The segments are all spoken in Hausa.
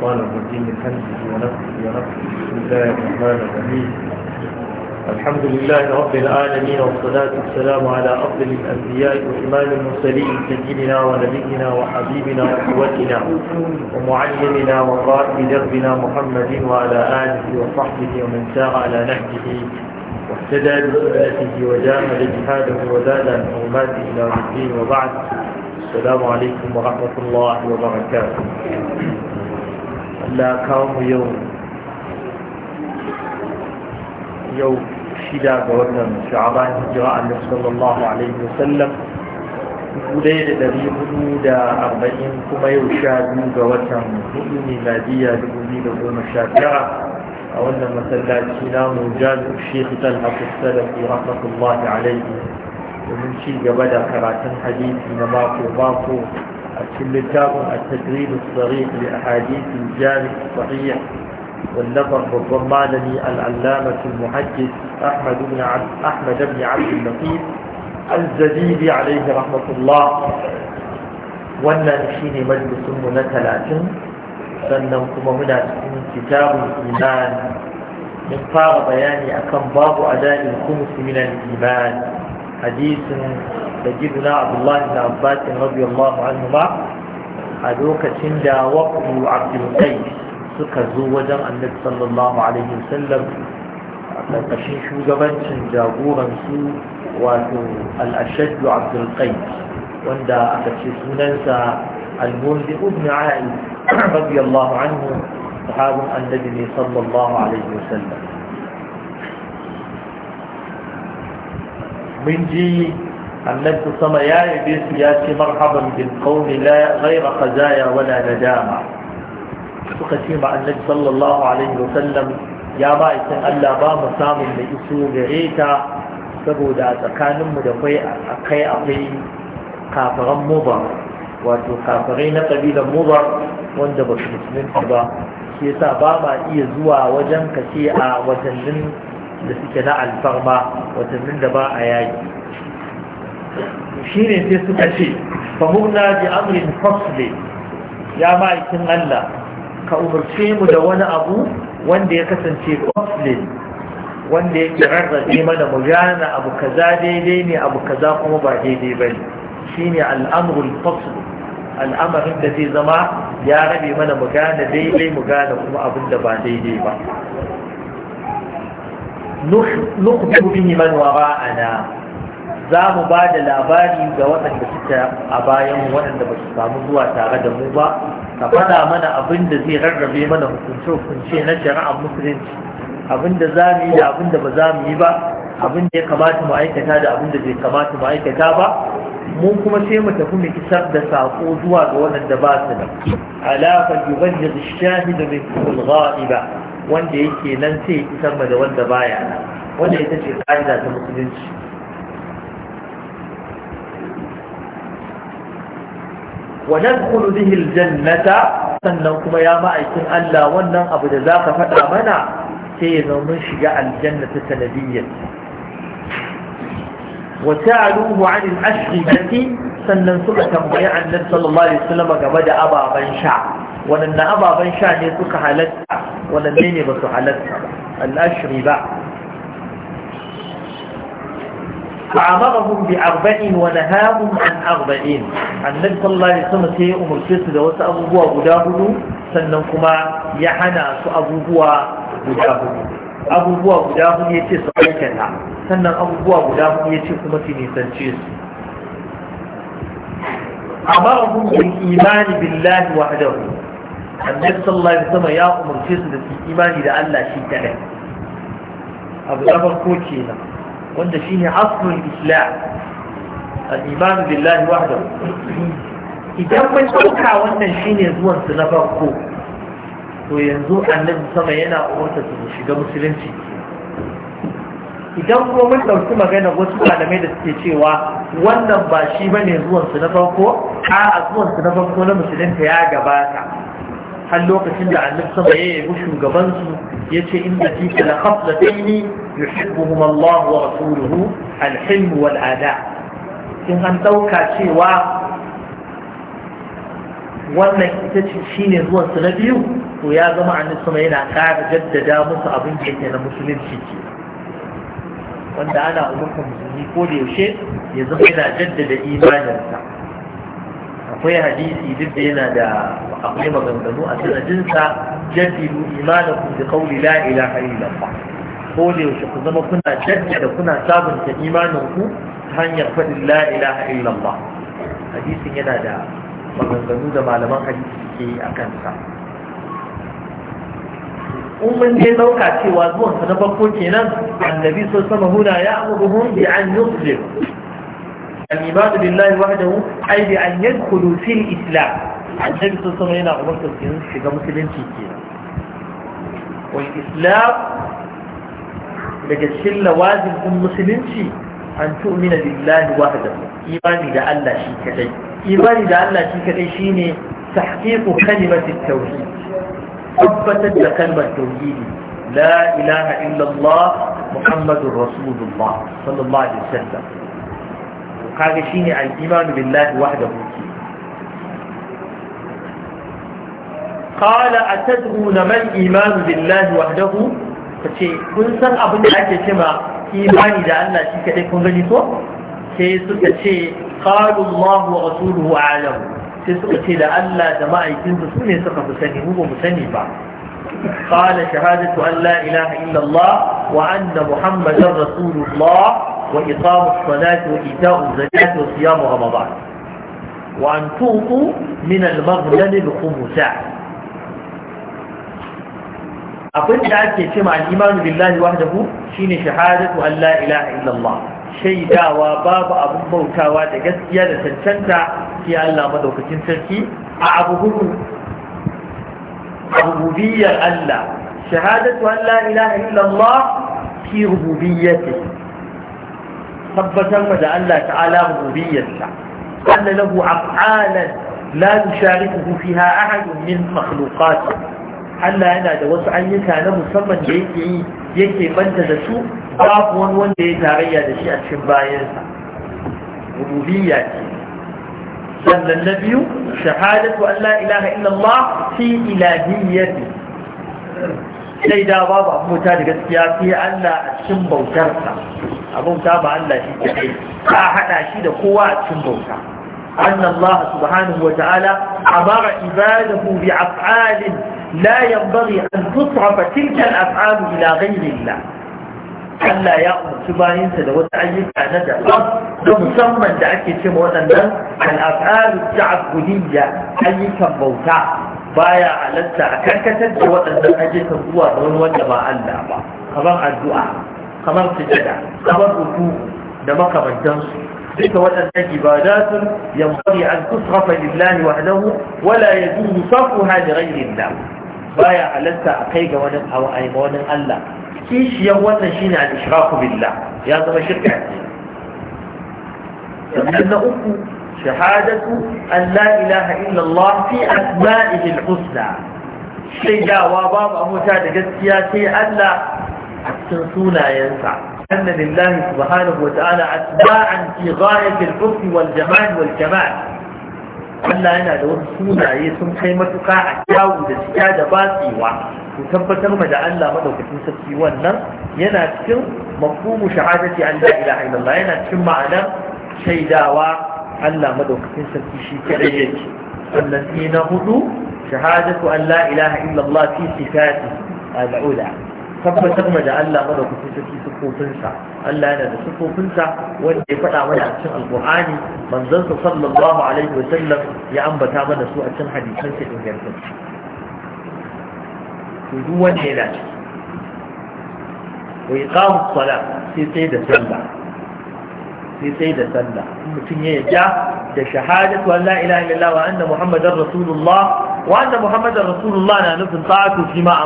الشيطان الرجيم من ونفسه ونفسه بسم الله الرحمن الرحيم الحمد لله رب العالمين والصلاة والسلام على أفضل الأنبياء وإمام المرسلين سيدنا ونبينا وحبيبنا وقوتنا ومعلمنا وقائد دربنا محمد وعلى آله وصحبه ومن سار على نهجه واهتدى بسنته وجاهد جهاده وزاد عن حرماته إلى الدين وبعد السلام عليكم ورحمة الله وبركاته La kawo mu yau yau shida ga watan sha'aban hijira a sallallahu alaihi wasallam dai da dari hudu da arba'in kuma yau sha biyu ga watan hudu miladiya dubu biyu da goma sha biyar. a wannan masallaci namu jami'u shekhi talhafi salafi rahmatullahi alaihi domin ci gaba da karatun hadisi na mako mako كل جاب التدريب الصغير لأحاديث الجامع الصحيح والنظر بالضمانني العلامة المحجز أحمد بن عبد, أحمد بن عبد اللطيف الزديد عليه رحمة الله والنشين مجلس من ثلاثة فنمكم من كتاب الإيمان من طار بياني أكم باب أداء الخمس من الإيمان حديث سيدنا عبد الله بن عباس رضي الله عنهما أدوك تند وقت عبد zo سكزو وجن النبي صلى الله عليه وسلم ƙarƙashin shugabancin jagoransu wato al'ashaddu abdulkai wanda aka ce sunansa al-mundi ibn ali radiyallahu anhu sahabin annabi ne sallallahu alaihi wasallam mun ji annabi sama ya yabe su ya ce marhaban bil qawmi la ghayra khazaya nadama suka ce ma annabi ya ba ikin Allah ba mu samun da iso gare ta saboda tsakanin mu da kai akai akwai kafaran mubar wato kafarai na kabilan mubar wanda ba su musulunci ba shi ba ma iya zuwa wajen kashe a watannin da suke na alfarma watannin da ba a yaki shine sai suka ce fa bi amrin fasli ya ma'aikin Allah ka umarce mu da wani abu wanda ya kasance fasli wanda yake rarrabe mana mu gane abu kaza daidai ne abu kaza kuma ba daidai bane shine al'amrul al'amarin da zai zama ya rabe mana mu gane daidai mu gane kuma abin da ba daidai ba nukhbiru bihi man wara'ana za mu ba da labari ga waɗanda suka a bayan waɗanda ba su samu zuwa tare da mu ba ka faɗa mana abin da zai rarrabe mana hukunce-hukunce na shari'ar musulunci abin da za mu yi da abin da ba za mu yi ba abin da ya kamata mu aikata da abin da bai kamata mu aikata ba mun kuma sai mu tafi mu kisar da sako zuwa ga waɗanda ba su da alaƙa yuban da shahi da mai ba wanda yake nan sai isar da wanda baya nan wanda ita ce ƙa'ida ta musulunci wa nadkhulu bihi sannan kuma ya ma'aikin Allah wannan abu da zaka faɗa mana sai ya zama mun shiga aljanna ta sanadiyyar wa ta'aluhu 'an al-ashriyati sannan suka tambayi annabi sallallahu alaihi wasallam game da ababan sha wannan ababan sha ne suka halatta wannan ne ba su halatta al-ashri ba فأمرهم بأربع ونهاهم عن أربعين النبي صلى الله عليه وسلم سيء مرسلت ده وسأبوه غداهلو سننكما يحنى سأبوه غداهلو أبوه غداهلو يتي سأيكتا سنن أبوه غداهلو يتي كمتي نيسانشيس أمرهم بالإيمان بالله وحده النبي صلى الله عليه وسلم يا أمر سيسد في إيمان إذا ألا شيء كلام أبو أبو كوكينا wanda shine aslul islam al-iman billahi wahdahu idan mun dauka wannan shine zuwan su na farko to yanzu annabi sama yana umarta su shiga musulunci idan kuma mun dauki magana wasu malamai da suke cewa wannan ba shi ba ne zuwansu na farko a zuwansu na farko na musulunta ya gabata har lokacin da annabi sama ya yabi shugaban su ce inda fi la khaslatayn yuhibbuhum Allah wa rasuluhu al wal ada in an ɗauka cewa wannan ita ce shine zuwan su na biyu to ya zama annabi sama yana ƙara jaddada musu abin da yake na musulunci ke wanda ana umurkan musulmi ko da yaushe ya zama yana jaddada imaninsa akwai hadisi duk da yana da akwai maganganu a sanadinsa jaddidu imanakum da qawli la ilaha illallah ko da yaushe ku zama kuna jaddada kuna sabunta imaninku ta hanyar faɗin la ilaha illallah hadisin yana da maganganu da malaman hadisi ke a kansa in mun dai dauka cewa zuwansa na farko kenan annabi so sama huna ya amuru bi an yuslim al'ibadu billahi wahdahu ai bi an yadkhulu fil islam annabi sallallahu alaihi yana umartar su shiga musulunci ke wal islam daga cikin lawazin din musulunci an tu'mina billahi wahdahu imani da Allah shi kadai imani da Allah shi kadai shine tahqiqu kalimati tauhid tabbatar da kalmar tauhidi la ilaha illallah muhammadur rasulullah sallallahu alaihi wasallam kaga shi ne imanu billahi wahdahu qala atadruna man imanu billahi wahdahu kace kun san abin da ake cewa imani da Allah shi kadai kun gani ko sai suka ce qalu Allah wa rasuluhu a'lam sai suka ce da Allah da ma'aikinsa su ne suka fi sani mu ba mu sani ba قال شهادة أن لا إله إلا الله وأن محمد رسول الله وإقام الصلاة وإيتاء الزكاة وصيام رمضان وأن تعطوا من المغنم الخمسة أقول لك كما الإيمان بالله وحده شين شهادة أن لا إله إلا الله شيدا وباب أبو موتا ودقسيا لتنشنتا في الله مدوكة تنشركي أعبوه ربوبية الله شهادة أن لا إله إلا الله في ربوبيته tabbatar da Allah ta'ala rububiyyarsa anna lahu af'alan la yusharikuhu fiha ahadun min makhluqati Allah yana da wasu ayyuka na musamman da yake yi yake banta da su babu wani wanda ya tarayya da shi a cikin bayansa rububiyya ce sannan na biyu shahadatu an la ilaha illallah fi ilahiyyati sai da babu abuta da gaskiya sai Allah a cikin bautarsa a bauta ba Allah shi kadai ta hada shi da kowa a cikin bauta أن subhanahu سبحانه وتعالى أمر عباده بأفعال لا ينبغي layan bari تلك الأفعال إلى غير الله Allah ya umarci bayansa da wata ayyuka na daban da musamman da ake ce waɗannan al'af'alu ta'abbudiyya ayyukan bauta baya halatta a karkatar da waɗannan ayyukan zuwa ga wani wanda ba Allah ba kamar addu'a kamar sujada kamar ruku da makamantansu duka waɗannan ibadatun yanbaghi an tusrafa lillahi wahdahu wala yajuzu sarfuha li ghayri Allah baya halatta a kai ga wani wani Allah kishiyar wannan shine al-ishraku billah ya zama shirka sannan na uku shahadatu شهادة أن لا إله إلا الله في أسمائه الحسنى شيء وباب أموتا da gaskiya sai لا a cikin sunayensa anna lillahi subhanahu wata'ala atba'an fi ghayatil husn wal jamal wal kamal Allah yana da wasu sunaye sun kai matuka a kyawu da cika da batsewa ku tabbatar ma da Allah madaukakin sarki wannan yana cikin mafhumu shahadati an la ilaha illallah yana cikin ma'anar shaidawa Allah madaukakin sarki shi kadai yake sannan na hudu shahadatu an la ilaha illallah fi sifati al'ula tabbatar ma da Allah mana ku tafi sa. Allah yana da sufofinsa wanda ya faɗa mana a cikin alƙur'ani manzon sa sallallahu alaihi wa sallam ya ambata mana su a cikin hadisan sa ingantacce to duk wanda yana wa iqamu sala sai sai da sallah sai sai da sallah mutum ya ja da shahadatu an la ilaha illallah wa anna muhammadar rasulullah wa anna muhammadar rasulullah na nufin ta'atu fi ma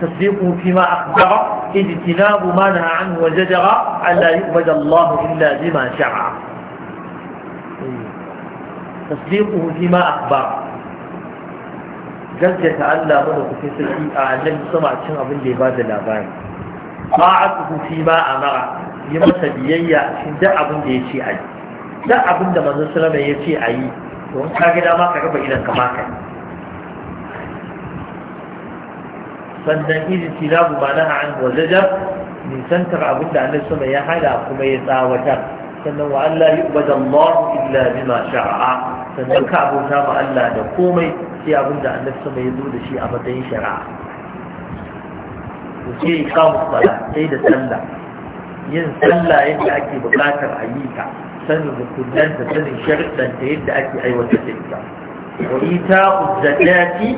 تصديقه فيما أخبر اجتناب ما نهى عنه وزجر ألا يؤبد الله إلا بما شرع تصديقه فيما أخبر جلجة ألا منه في سيئة عن لم يسمع شيئا من لباد الأبان طاعته فيما أمر يمسى بيئة شندع من ليشي أي لا أبن من نسلم يشي أي وانت كده ما كرب إلى كماكا sannan iziti na gumana a an wajajar nisantar abin da annabi sama ya hada kuma ya tsawatar sannan wa Allah yi ubada Allah illa bima sha'a sannan ka abota ma Allah da komai sai abin da annabi sama ya zo da shi a matsayin shari'a to sai ikamu sala sai da sallah yin sallah yadda ake bukatar ayyuka sanin da sanin sharuɗanta yadda ake aiwatar da ita wa ita zakati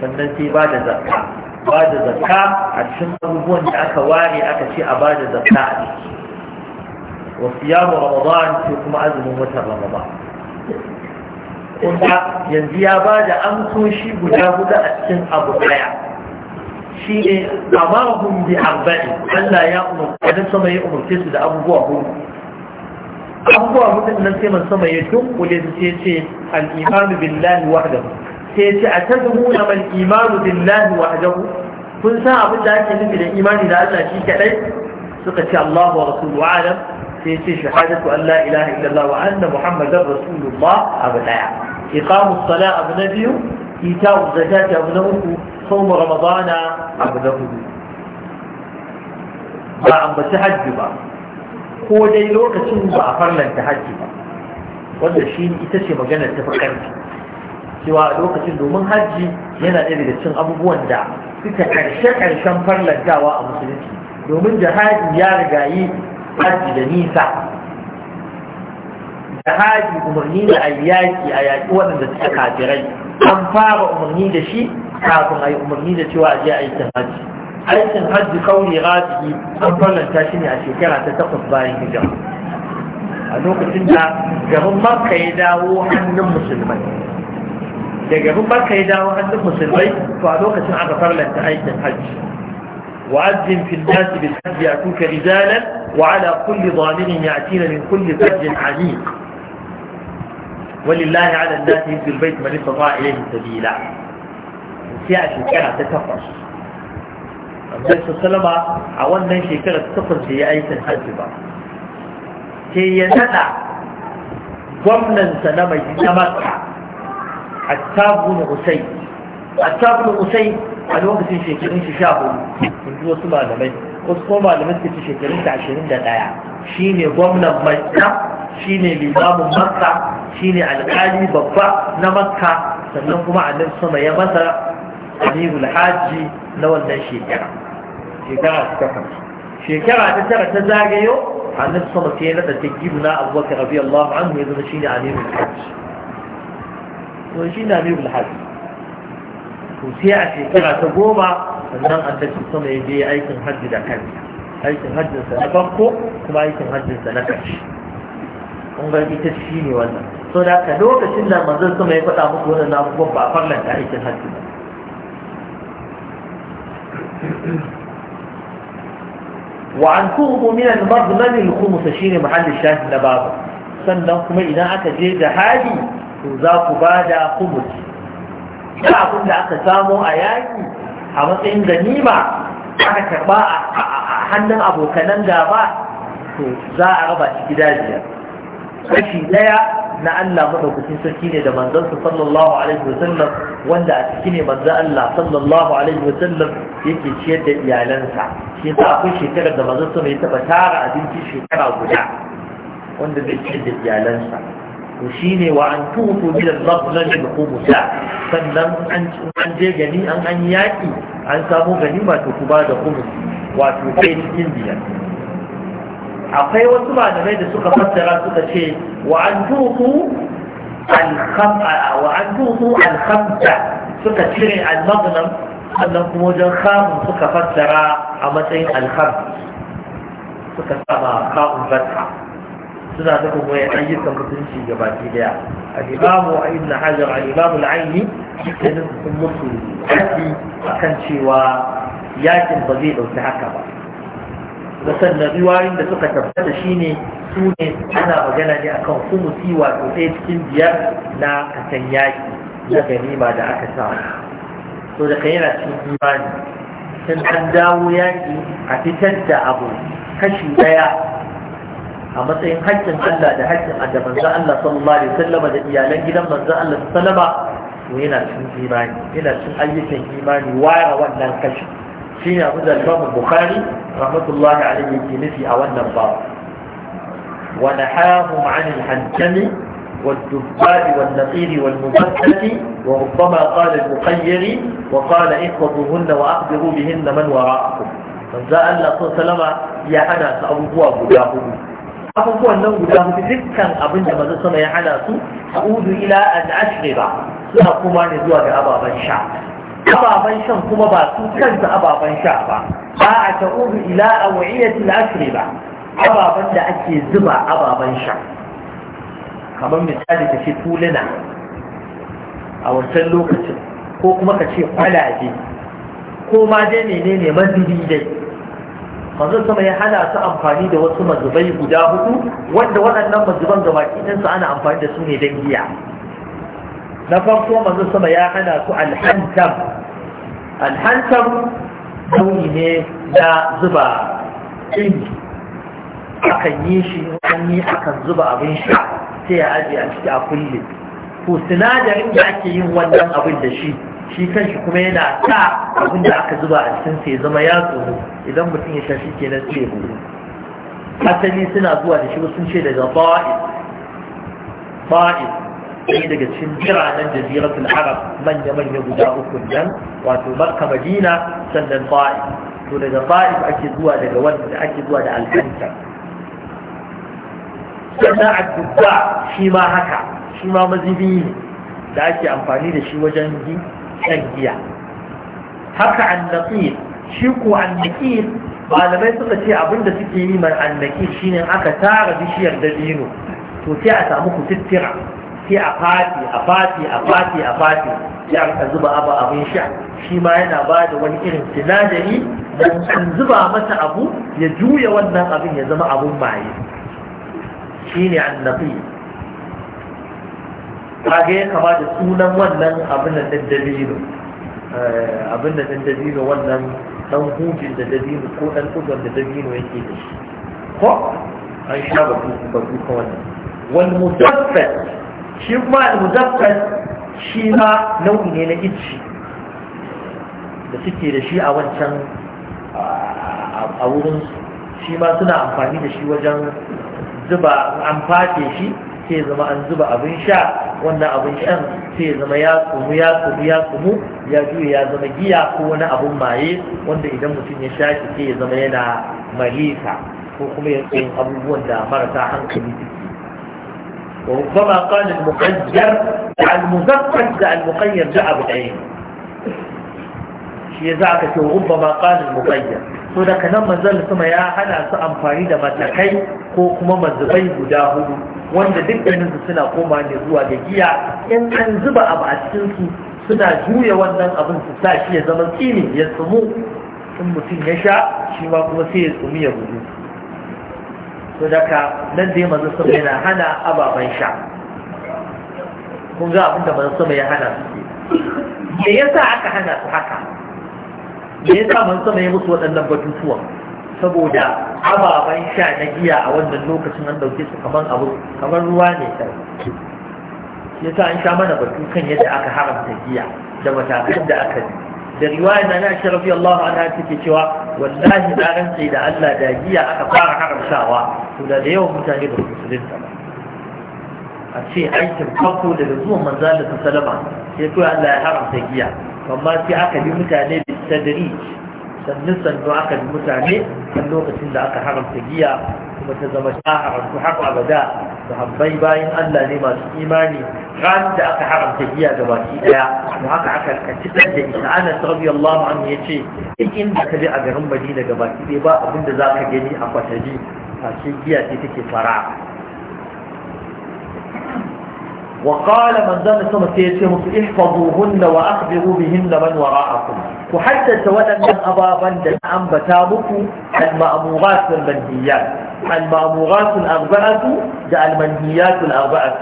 sannan sai ba da zakka ba da zakka a cikin abubuwan da aka ware aka ce a ba da zakka a ciki wa siyamu ramadan sai kuma azumin watan ramadan kuma yanzu ya ba da amsoshi guda guda a cikin abu daya shi ne amarahum bi arba'in Allah ya umarta da sama ya umarce su da abubuwa hudu abubuwa hudu nan sai man sama ya dunkule su sai ce al-imanu billahi wahdahu sai ce a tazmuna bal imanu billahi wahdahu kun san abin da ake nufi da imani da Allah shi kadai suka ce Allah wa rasuluhu alam sai ce shahadatu an la ilaha illallah wa anna muhammadar rasulullah abu daya iqamus sala abu na biyu ita'u zakati abu na uku صوم رمضان abu na hudu ba a ambaci hajji ba ko dai lokacin ba a farlanta hajji ba wanda shi ita ce maganar ta fi ƙarfi cewa a lokacin domin hajji yana ɗaya daga abubuwan da suka ƙarshe ƙarshen farlantawa a musulunci domin jihadi ya rigayi hajji da nisa jihadi umarni da a yaƙi a yaƙi waɗanda suka kafirai an fara umarni da shi kafin a yi umarni da cewa a je aikin hajji aikin hajji kauri rafi an farlanta shi ne a shekara ta takwas bayan hijira a lokacin da garin makka ya dawo hannun musulmai daga rubar ka yi dawo hannun musulmai to a lokacin aka farlanta aikin hajji wa'azin fil nasi bi sabbi a kuka rizalan wa ala kulli dhaminin ya tina min kulli fajjin ali walillahi ala nasi bil bait man istata ilayhi sabila sai a shekara ta takwas amma su salama a wannan shekara takwas da ya aikin hajji ba sai ya nada gwamnansa na mai zama ta عتاب بن عسي عتاب بن عسي عن وقت شكرين ششافه من جوة ما لمن قد قوما لمن كنت شكرين تعشرين دقايا شيني ضمن مكة شيني لإمام مكة شيني القالي ببا نمكة سنقوم عن نفس ما يمتع أمير الحاج نوال نشيكرا شكرا شكرا شكرا تسرع تزاقيو عن نفس ما كينا تجيبنا أبوك رضي الله عنه يدنشيني أمير الحاج to shi na mai bulhaji to sai a shekara ta goma sannan an tafi sama ya je aikin hajji da kansa aikin hajjinsa na farko kuma aikin hajjinsa na ƙarshe kun ga ita shi ne wannan so da ka lokacin da manzon sama ya faɗa muku wannan abubuwan ba a farlanta aikin hajji ba وعن كرب من المضمن الخمس شين محل na لبابا sannan kuma idan aka je da hali to za ku ba da kubus da abin da aka samo a yaƙi a matsayin ganima aka karɓa a hannun abokanan gaba to za a raba shi gida biyar kashi ɗaya na Allah madaukakin sarki ne da manzansa sallallahu alaihi wasallam wanda a ciki ne manzan Allah sallallahu alaihi wasallam yake ciyar da iyalansa shi yasa akwai shekarar da manzansa mai taɓa tara abinci shekara guda wanda zai ciyar da iyalansa to shine wa an tufu min al-mazlam al-khumsa sannan an je gani an an yaki an samu gani ba to ku ba da khums wato kai cikin biyar akwai wasu malamai da suka fassara suka ce wa an tufu wa an tufu al suka cire al sannan kuma wajen khamun suka fassara a matsayin al-khams suka sama khamun fassara suna da kuma ya ayyukan mutunci ga baki daya al-imamu ibn hajar al-imamu al-aini sun mutu haƙi akan cewa yakin ba zai ɗauki haka ba wasan na riwayoyin da suka tabbata shine su ne ana magana ne akan kumusi wato ɗaya cikin biyar na kasan yaki na ganima da aka sa to da kai yana cikin imani sun an dawo yaƙi? a fitar da abu kashi ɗaya a matsayin haƙƙin Allah da haƙƙin da manzan Allah sallallahu alaihi wasallam da iyalan gidan manzan Allah salama to yana cin imani yana cin ayyukan imani waya wannan kashi shine abu da Imam Bukhari rahmatullahi alaihi yake nufi a wannan babu wa nahahum 'an al-hanjami والدباء والنقير والمبتة وربما قال المخير وقال اخوضوهن وأخبروا بهن من وراءكم فانزاء الله صلى الله عليه ya يا su abubuwa guda داهو abubuwan nan guda hudu dukkan abin da maza sama ya hana su ta'udu ila an ashriba suna kuma ne zuwa ga ababen sha ababen shan kuma ba su kansu ababen sha ba ba a ta'udu ila awiyati al-ashriba ababen da ake zuba ababen sha kamar misali ka ce tuluna a wancan lokacin ko kuma ka ce kwalaje ko ma dai menene mazubi dai manzon sama ya hana su amfani da wasu mazubai guda hudu wanda waɗannan mazuban da baki ɗinsu ana amfani da su ne don giya na farko manzon sama ya hana su alhantam alhantam launi ne na zuba ɗin akan yi shi wani akan zuba abin sha sai ya ajiye a ciki a kulle to sinadarin da ake yin wannan abin da shi shi kanshi kuma yana ta abin da aka zuba a cikin sai zama ya tsoro idan mutum ya shafi shi kenan sai ya asali suna zuwa da shi sun ce daga ba'id ba'id ne daga cikin biranen jaziratul arab manya-manya guda uku nan wato makka madina sannan ba'id to daga ba'id ake zuwa daga wanda ake zuwa da alkanta sannan addu'a shi ma haka shi ma mazibi ne da ake amfani da shi wajen yi. shan giya haka annaqir shi ko annaqir malamai suka ce abinda suke yi man shi ne aka tara bishiyar dabino to sai a samu kututtura sai a fati a fati a fati a fati sai aka zuba abu abin sha shi ma yana ba da wani irin sinadari dan zuba masa abu ya juya wannan abin ya zama abun maye shine annaqir kaga ya kama da sunan wannan abin da ɗan dalilu, eh, abin da ɗan dalilu wannan ɗan hujin da dalilu ko ɗan tsugon da dalilu yake da shi ko an sha ba batu ka wannan wani mudaffas shi kuma al mudaffas shi ma nau'i ne na icci da suke da shi a wancan a wurin shi ma suna amfani da shi wajen zuba an fashe shi sai zama an zuba abin sha wannan abin shan sai zama ya kumu ya kumu ya kumu ya juya ya zama giya ko wani abin maye wanda idan mutum ya sha shi sai ya zama yana marisa ko kuma ya tsayin abubuwan da marasa hankali suke وربما قال المقدر المذكر المقير جاء بدعين شيء زعك ربما قال المقير so daga nan manzon kuma ya hana su amfani da matakai ko kuma mazubai guda hudu wanda dukkanin su suna koma ne zuwa da giya in an zuba abu a cikin su suna juya wannan abin su sa shi ya zama tsini ya tsumu in mutum ya sha shi ma kuma sai ya tsumi ya gudu so daga nan dai manzon sama yana hana ababen sha kun ga abin da manzon sama ya hana su ke. me yasa aka hana su haka me ya sa sama ya musu waɗannan batutuwa saboda ababen sha na giya a wannan lokacin an dauke su kamar abu kamar ruwa ne ya sa an sha mana batukan yadda aka haramta giya da matakan da aka bi da riwaya na na shi rafi Allah ta take cewa wallahi na rantse da Allah da giya aka fara haramtawa to da da yawan mutane da musulun ta a ce aikin farko daga zuwan manzalin sallama sai kawai Allah ya haramta giya amma sai aka bi mutane da tadari sannan sannu aka bi mutane kan lokacin da aka haramta giya kuma ta zama ta haramta har abada sahabbai bayan Allah ne masu imani ranar da aka haramta giya ga baki daya da haka aka kaci dan da ita ana radiyallahu anhu yace in inda ka je a garin Madina ga baki daya ba abin da ka gani a kwatari face giya ce take fara وقال من ذا سما سيتي مس احفظوهن واخبروا بهن من وراءكم وحتى ودن ابابا دن انبتا مكو المامورات والمنهيات المامورات الاربعه ده المنهيات الاربعه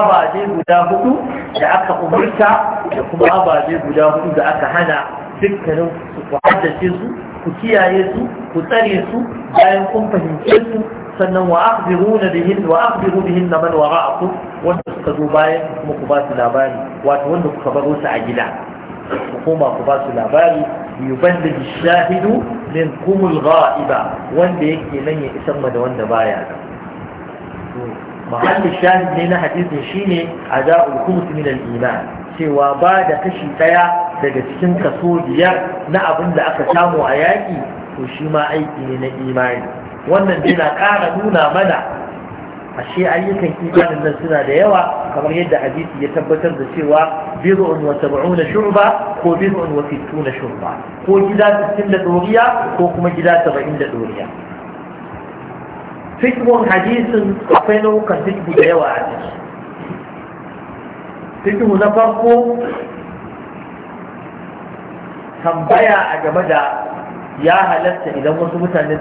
ababe guda hudu da aka umurta da kuma ababe guda hudu da aka hana dukkanin ku haddace su ku kiyaye su ku tsare su bayan kun fahimce su sannan wa akhbiruna bihin wa akhbiru bihin man wara'akum wanda suka zo bayan kuma ku ba su labari wato wanda kuka baro su a gida ku koma ku ba su labari yuballigh bishahidu shahidu minkum ghaiba wanda yake nan ya isan ma da wanda baya mahallin shahid ne na hadisin shine ada'ul khums min al-iman cewa ba da kashi daya daga cikin kaso biyar na abin da aka samu a yaki to shi ma aiki ne na imani wannan dai na ƙara nuna mana ashe ayyukan imanin nan suna da yawa kamar yadda hadisi ya tabbatar da cewa bid'un wa sab'una shurba ko bid'un wa sittuna shurba ko gida 60 da doriya ko kuma gida 70 da doriya fikhun hadisin akwai nau'ukan fikhu da yawa a ciki fikhu na farko tambaya a game da ya halatta idan wasu mutane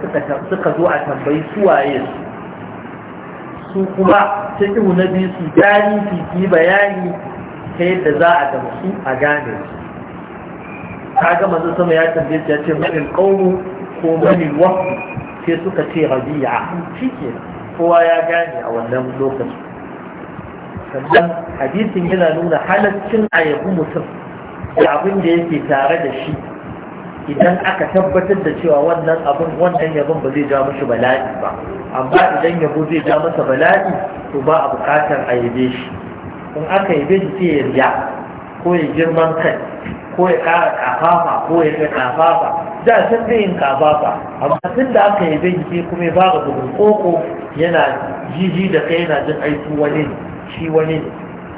suka zo a tambayi suwaye su su kuma ta ihu na biyu su gani bayani ta yadda za a gama su a gane ta gama su sama ya tambaye su ya ce manin ƙaunu ko mani wasu sai suka ce rabi'a shi kowa ya gane a wannan lokaci sannan hadisin yana nuna halaccin a yabi mutum da abin da yake tare da shi idan aka tabbatar da cewa wannan abin wannan yabon ba zai ja mashi bala'i ba amma idan yabo zai ja masa bala'i to ba a bukatar a yabe shi in aka yabe shi sai ya riya ko ya girman kai ko ya kara kafafa ko ya ga kafafa da san zai yin kafafa amma tun da aka yabe shi kuma ya ga bugun koko yana jiji da kai yana jin aiki wani ne shi wani ne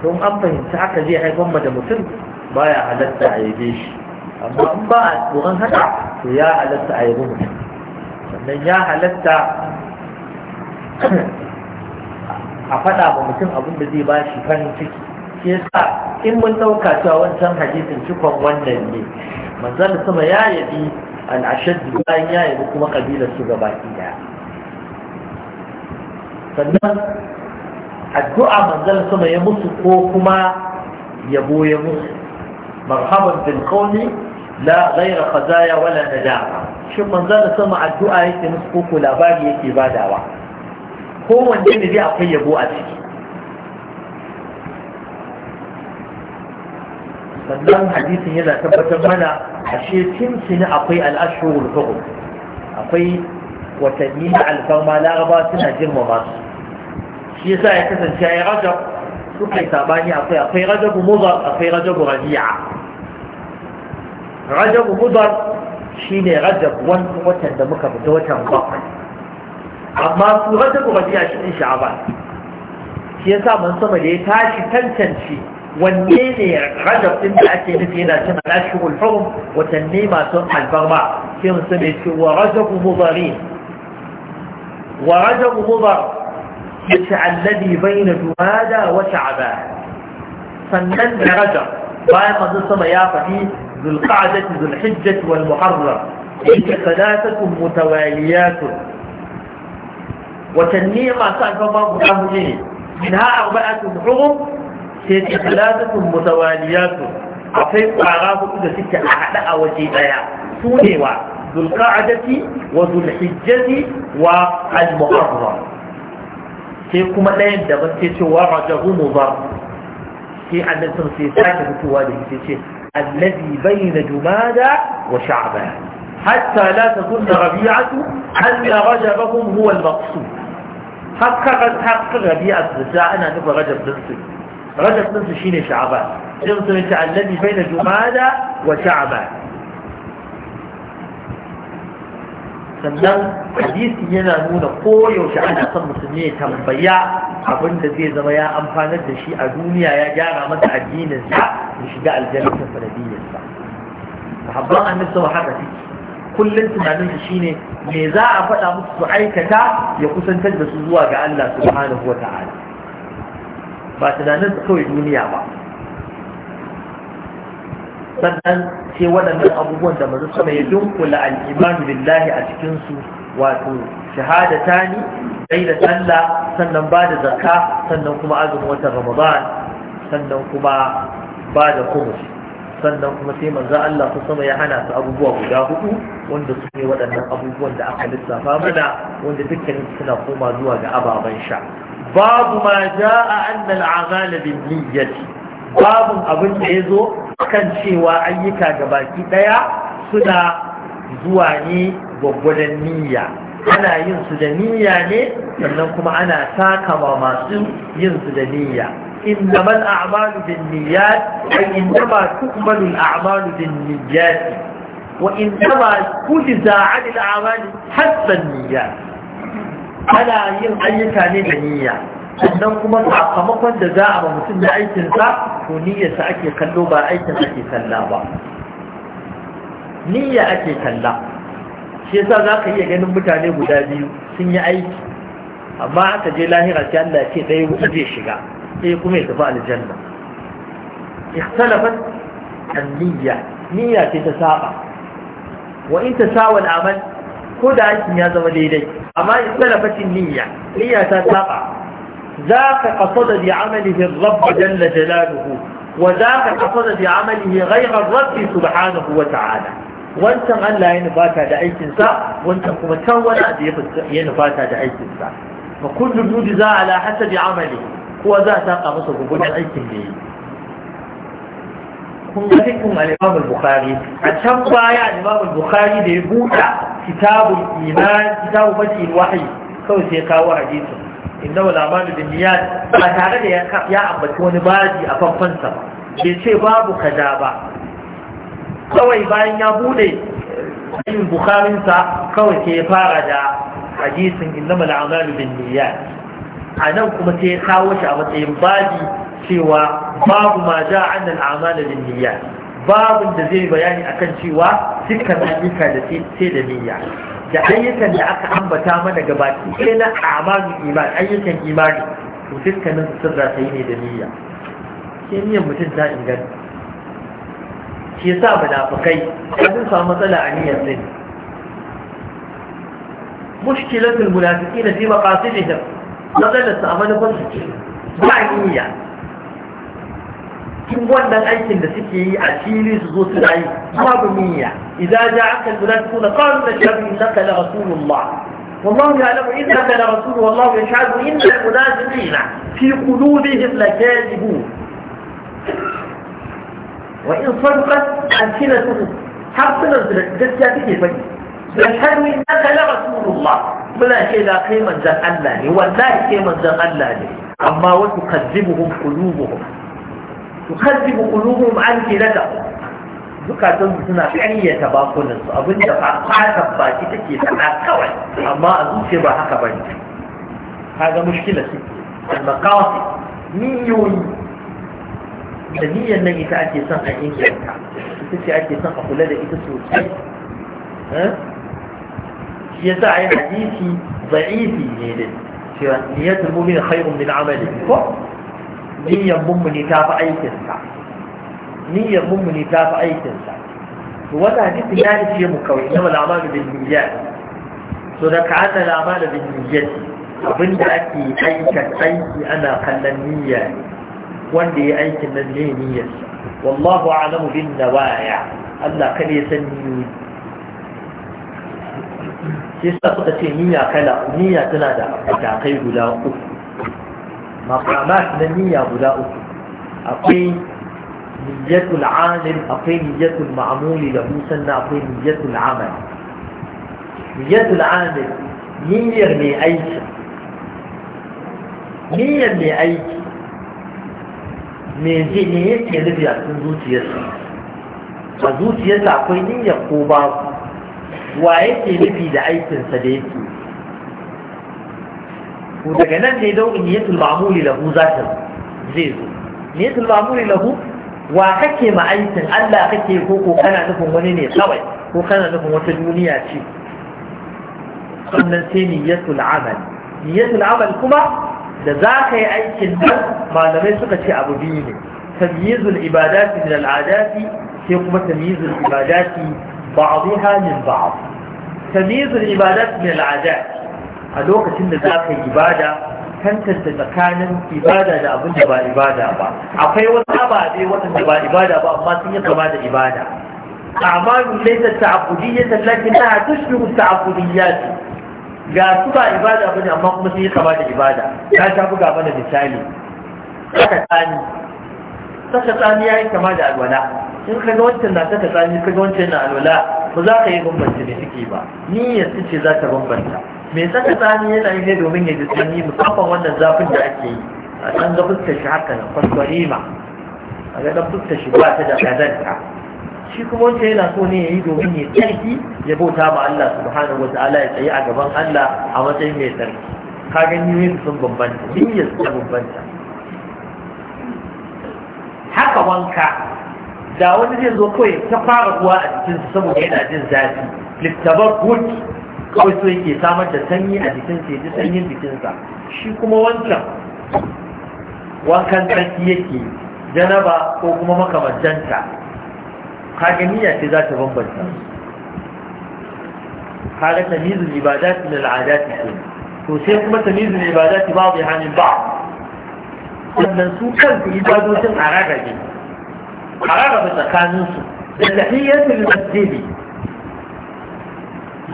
don an fahimci haka zai haifar ma da mutum baya halatta a yabe shi amma in ba a tsoron haka to ya halatta a yi rubuta sannan ya halatta a faɗa wa mutum abin da zai ba shi farin ciki shi in mun ɗauka cewa wancan hadisin cikon wannan ne manzon sama ya yabi al'ashaddu bayan ya yabi kuma kabilar su gaba ɗaya sannan addu'a manzon sama ya musu ko kuma yabo ya musu marhaban bin qawli لا غير قضايا ولا ندامة شوف من ذا سمع الدعاء يتي نسقوك لا باقي يتي باداوة هو من دين ذي أقي أبو أسك فالله حديث هنا ثبت منا أشياء كم سنة أقي الأشهر الفغم أقي وتدين الفرما لا لا غبات نجم وماس شيء سائحة شيء رجب سكي ثاباني أقي أقي رجب ومضر أقي رجب ورجيعة rajab hudar ne rajab wani watan da muka fita watan bakwai amma su rajab rabi'a shi ne sha'aban shi ya sa man sama da ya tashi tantance wanne ne rajab din da ake nufi yana cin alashirul hurum watanni masu albarma sai mun sani wa rajab mudari wa rajab mudar yace alladhi bayna jumada wa sha'ban sannan da rajab bayan masu sama ya faɗi ذو القعدة ذو الحجة والمحرم تلك ثلاثة متواليات وتنمية ما سأل الله عنه منها أربعة حرم تلك ثلاثة متواليات أفيد أعراف إذا ستة أحد أو جيبايا سونيوا ذو القعدة وذو الحجة والمحرم تلكم الآن دغتت ورجه مضر في أن تنسي ساكة توالي تلك الذي بين جمادى وشعبان حتى لا تكون ربيعة أن رجبهم هو المقصود حق حق ربيعة الساعة أنا نبغى رجب نصف رجب نصف شين شعبان الذي بين جمادى وشعبان sannan hadisi yana nuna koyaushe ana son musulmi ya tambaya abin da zai zama ya amfanar da shi a duniya ya gyara masa addininsa ya shiga aljannatin sanadiyyarsa sahabban annabi sama haka take kullum tunanin shi shine me za a faɗa musu su aikata ya kusantar da su zuwa ga Allah subhanahu wa ta'ala ba tunanin kawai duniya ba sannan sai waɗannan abubuwan da mazu sama ya dunkula al'imanu billahi a cikinsu wato ta ni, sai da talla, sannan ba da zakka sannan kuma azumin watan ramadan sannan kuma ba da kumus sannan kuma sai manzo Allah su sama ya hana su abubuwa guda hudu wanda su ne waɗannan abubuwan da aka lissafa mana wanda dukkanin suna koma zuwa ga ababen sha babu ma ja'a annal a'mala bin niyyati babu abin da yazo kan cewa ayyuka ga baki ɗaya suna zuwa ne gwaggwadon niyya ana yin su da niyya ne sannan kuma ana sakama masu yin su da niyya إنما الأعمال بالنيات أي إنما تقبل الأعمال بالنيات وإنما تجزى عن الأعمال حسب Ana yin يم ne da النية sannan kuma sakamakon da za a ba mutum da aikinsa to niyyarsa ake kallo ba aikin ake kalla ba niyya ake kalla shi yasa za ka iya ganin mutane guda biyu sun yi aiki amma aka je lahira ta Allah ce ɗaya wuta zai shiga sai kuma ya tafi aljanna ikhtalafat an-niyya niyya ce ta saba wa in tasawa al-amal ko da aikin ya zama daidai amma ikhtalafat an-niyya niyya ta saba ذاق قصد بعمله الرب جل جلاله وذاق قصد بعمله غير الرب سبحانه وتعالى وانتم أن لا ينفاتها لأي تنسى وانتم كما تولى ينفاتها لأي تنسى فكل الجزاء على حسب عمله هو ذات قصد بقول أي تنسى kun gafi kun al’imam al-bukhari a can baya al’imam كتاب da ya buɗa kitabun iman kitabun inna wal amalu bin niyyat ba tare da ya ambaci wani baji a fanfansa ba bai ce babu kaza ba kawai bayan ya bude yin eh, bukharinsa kawai ke ya fara da hadisin inna wal amalu bin niyyat a nan kuma sai ya kawo shi a matsayin baji cewa babu ma ja annal amalu bin niyyat babun da zai bayani akan cewa dukkan ayyuka da sai da niyya da ayyukan da aka ambata mana gabaki ɗaya na amalin imani ayyukan imani to dukkanin su sun rataye ne da niyya sai niyyar mutum ta inganta shi yasa munafikai sun samu matsala a niyyar sai mushkilatul munafiqin fi maqasidihim matsalar su a manufar su ce ba niyya cikin wannan aikin da suke yi a fili su zo su rayu babu niyya idza ja'aka al-munafiquna qalu innaka la rasulullah والله يعلم إنك لرسول والله يشهد إن المنافقين في قلوبهم لكاذبون وإن صدقت ألسنتهم حقنا جسيا به فجي يشهد إنك لرسول الله بلا شيء لا قيمة ذا الله والله قيمة ذا الله أما وتكذبهم قلوبهم tukazzibu qulubuhum alfinatahum zukatan su suna ƙaryata bakunan su abinda ba fatan baki take sana kawai amma a zuciya ba haka bane kaga mushkila ce al-maqasid niyoyi da niyyar nan ita ake son a inganta ita ce ake son a kula da ita sosai eh? shi yasa a yi hadisi za'ifi ne da cewa niyyatul mu'min khairun min amali ko niyyar ne ta fi aikinsa niyyar mummuni ta fi aikinsa to wata hadisi ya ishe mu kawai na al'amalu bin niyyat to da ka ana al'amalu bin niyyat abinda ake aikata aiki ana kallon niyya ne wanda ya aikin nan ne niyyarsa wallahu a'lamu bin da baya? Allah kada ya san niyyoyi shi sa suka ce niyya kala niyya tana da matakai guda uku maqamat na niyya guda uku akwai niyyatul amil akwai niyyatul ma'muli da na akwai niyyatul amal niyyatul amil niyyar mai aiki niyyar mai aiki me zai ne yake nufi a cikin zuciyarsa a zuciyarsa akwai niyyar ko babu wa yake nufi da aikinsa da yake to daga nan ne dau niyatul ma'muli lahu za zai zo niyatul ma'muli lahu wa kake ma aikin Allah kake ko ko kana nufin wani ne kawai ko kana nufin wata duniya ce sannan sai niyatul amal niyatul amal kuma da za ka yi aikin nan malamai suka ce abu biyu ne tamyizul ibadati min al'adati sai kuma tamyizul ibadati ba'dha min ba'd tamyizul ibadati min al'adati a lokacin da za ka yi ibada tantance tsakanin ibada da abin da ba ibada ba akwai wasu ababe waɗanda ba ibada ba amma sun yi kama da ibada أعمال ليست تعبدية لكنها تشبه التعبديات ga su ba ibada ba ne amma kuma sun yi kama da ibada ta ta buga mana misali saka tsani saka tsani yi kama da alwala in ka ga wancan na saka tsani ka ga wancan na alwala ba za ka yi bambanta da suke ba niyyar su ce za ta bambanta mai saka tsani yana yi ne domin ya ji sanyi musamman wannan zafin da ake yi a ɗan ga fuskar shi haka na kwaskwari ma a ga ɗan fuskar shi ba ta da ƙazanta shi kuma wancan yana so ne ya yi domin ya tsarki ya bauta ma Allah subhanahu wa ta'ala ya tsaye a gaban Allah a matsayin mai tsarki ka gani ne sun bambanta niyyar su ta bambanta haka wanka da wani zai zo kawai ta fara ruwa a jikinsa saboda yana jin zafi littabar gudu kawai so yake samar da sanyi a jikin ya ji sanyin jikinsa shi kuma wancan wankan tsaki yake janaba ko kuma kage niyya ce za ta bambanta kaga tamizul ibadati lil adati ce to sai kuma tamizu ibadati ba bi hanin ba sannan su kansu ibadocin a rarrabe a rarrabe su da tahiyatul masjidi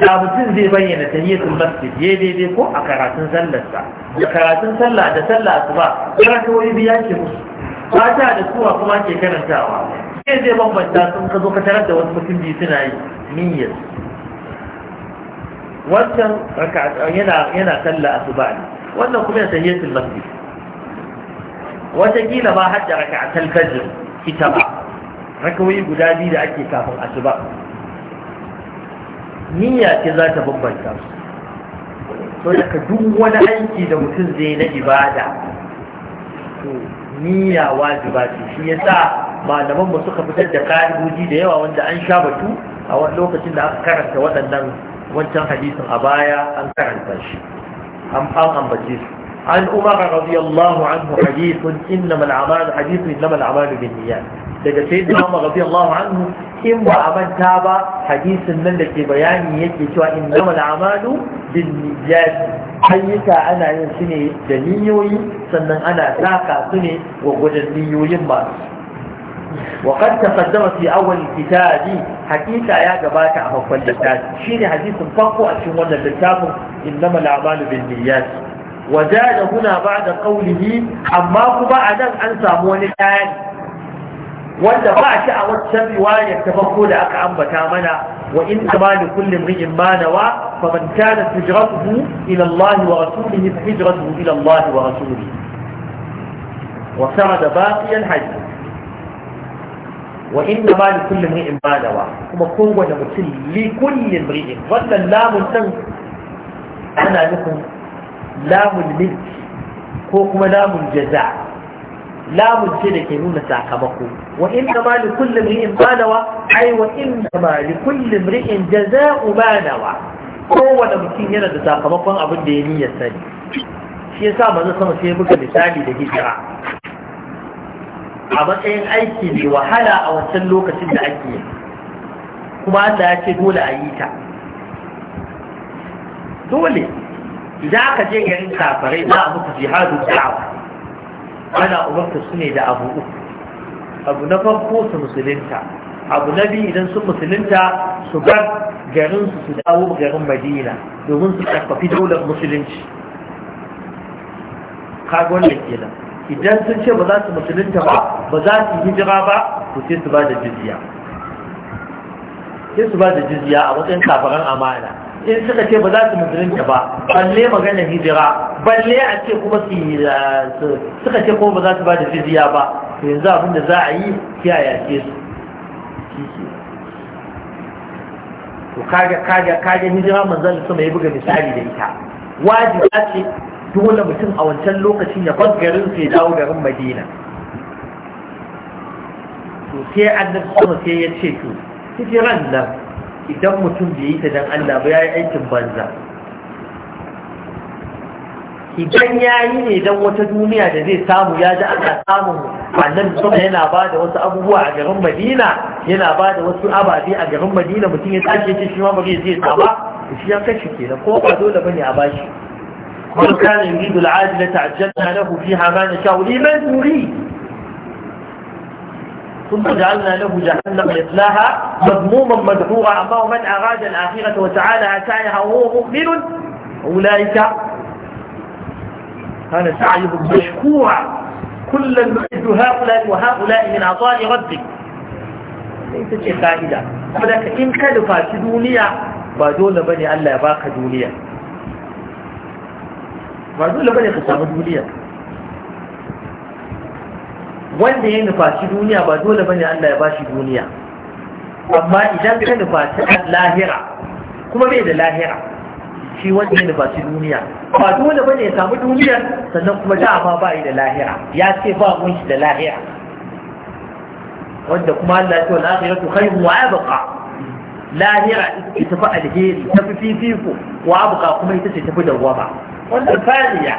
da mutum zai bayyana ta yi sun masjid ya daidai ko a karatun sallarsa da karatun sallah da sallah asuba wani biya ke musu ta da suwa kuma ke karantawa sai zai bambanta sun ka zo ka tarar da wasu mutum biyu suna yi niyyar wancan yana yana sallah asuba ne wannan kuma yana sun masjid watakila ba hajjara ka a talfajin ita ba rakawai guda biyu da ake kafin asuba niyya ce za ta bambanta su so daga duk wani aiki da mutum zai na ibada to niyya wajiba ce shi yasa malaman mu suka fitar da ka'idoji da yawa wanda an sha batu a wani lokacin da aka karanta waɗannan wancan hadisin a baya an karanta shi an ambace su عن أمر رضي الله عنه حديث إنما الأعمال حديث إنما الأعمال بالنيات daga sayyidina Umar radiyallahu anhu in ba a manta ba hadisin nan da ke bayani yake cewa innamal amalu bin nijat ayyuka ana yin su ne da niyoyi sannan ana saka su ne wa gudan niyoyin ba wa qad taqaddama fi awwal kitab hakika ya gabata a farkon littafi shine hadisin farko a cikin wannan littafin innamal amalu bin niyat wa zada huna ba'da qawlihi amma kuma a nan an samu wani bayani wanda ba shi a waccan riwayar ta farko da aka ambata mana wa in kama da kullum ri'in manawa fa man kana hijratuhu ila Allah wa rasulihi fa hijratuhu ila Allah wa rasulihi wa da baqiyan hajj wa in kama da kullum ri'in manawa kuma kowane mutum li kullum ri'in wannan lamun san ana nufin lamun milki ko kuma lamun jaza' lamun ce da ke nuna sakamako wa in ma li kulli mri'in banawa? ai wa in ma li kulli mri'in jaza'u ma kowane mutum yana da sakamakon abin da ya niyyar sani shi yasa manzo sama sai buga misali da hijira a matsayin aiki ne wahala a wancan lokacin da ake yi kuma Allah ya ce dole a yi ta dole idan aka je garin kafarai za a muku jihadu da'awa ana umarta su ne da abu uku abu na farko su musulunta abu na biyu idan sun musulunta su bar garin su su dawo garin madina domin su karfafi daular musulunci kagon da kenan idan sun ce ba za su musulunta ba ba za su hijira ba to sai su ba da jizya sai su ba da jizya a matsayin kafaran amana in suka ce ba za su musulunta ba balle magana hijira balle a ce kuma eh, su suka ce kuma ba za su ba da fiziya ba yanzu abin da za a yi kiyaye ce su kaga hijira manzan sama ya buga misali da ita wajiba ce dole mutum a wancan lokacin ya bar garin ya dawo garin madina to sai annabi sama sai ya ce to hijiran nan idan mutum bai yi ta dan Allah ba ya yi aikin banza idan ya yi ne don wata duniya da zai samu ya ji ana samun annan sama yana ba da wasu abubuwa a garin madina yana ba da wasu ababe a garin madina mutum ya tashi ce shi ma ba zai saba shi ya kashi ke ko ba dole bane a bashi man kana yuridu al'ajila ta'ajjalna lahu fiha ma nasha'u liman turi. ثم جعلنا له جهنم يتلاها مذموما مدحورا أما من أراد الآخرة وتعالى أتاها وهو مؤمن أولئك كان سعيه مشكورا كل نعد هؤلاء وهؤلاء من عطاء ربك ليس شيء فائدة ولك إن كلفة دنيا ما بني ألا يباك دنيا ما بني قسام دنيا wanda ya nufaci duniya ba dole bane Allah ya bashi duniya amma idan ka nufaci lahira kuma bai da lahira shi wanda ya nufaci duniya ba dole bane ya samu duniya sannan kuma dama ba yi da lahira ya ce ba mun shi da lahira wanda kuma Allah ya ce wani wal akhiratu khayrun wa abqa lahira ita fi alheri Ta fi fifiko wa abqa kuma ita ce ta tafi dawwama wannan fariya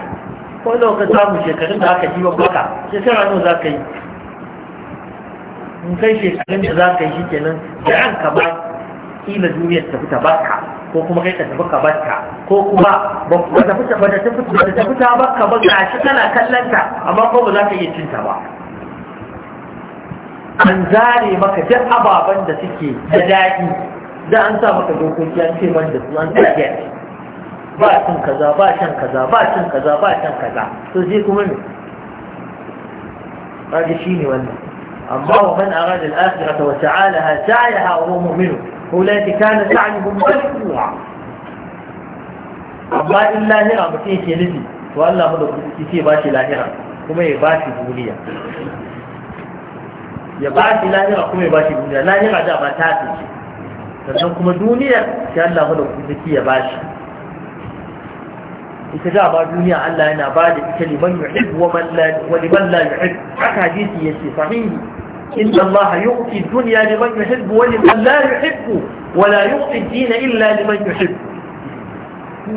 ko da ka samu shekarun da aka ji ba baka sai ranar za ka yi in kai shekarun da za ka yi shikenan da an ka ba ila duniyar tafi ta baka ko kuma kai ka tafi ka baka ko kuma ba ta fita ba ta tafi ba ta baka ba ka shi kana kallon ta amma ko ba za ka iya cin ta ba an zare maka duk ababen da suke da daɗi da an sa maka dokoki an ce wanda su an sa ba cin kaza ba can kaza ba cin kaza ba can kaza to sai kuma ne shi ne wannan amma wa man arada al-akhirata wa ta'alaha sa'yaha wa huwa mu'min ulati kana sa'yuhum mashkura amma in lahira mutum yake nufi to Allah madaukaki sai ba shi lahira kuma ya ba shi duniya ya ba shi lahira kuma ya ba shi duniya lahira da ba ta ce sannan kuma duniyar sai Allah madaukaki ya ba shi ita dama duniya Allah yana ba da ita liman yuhib wa liman la yuhib haka hadisi yace sahihi inna Allah yu'ti dunya liman yuhib wa liman la yuhib wa la yu'ti ad-din illa liman yuhib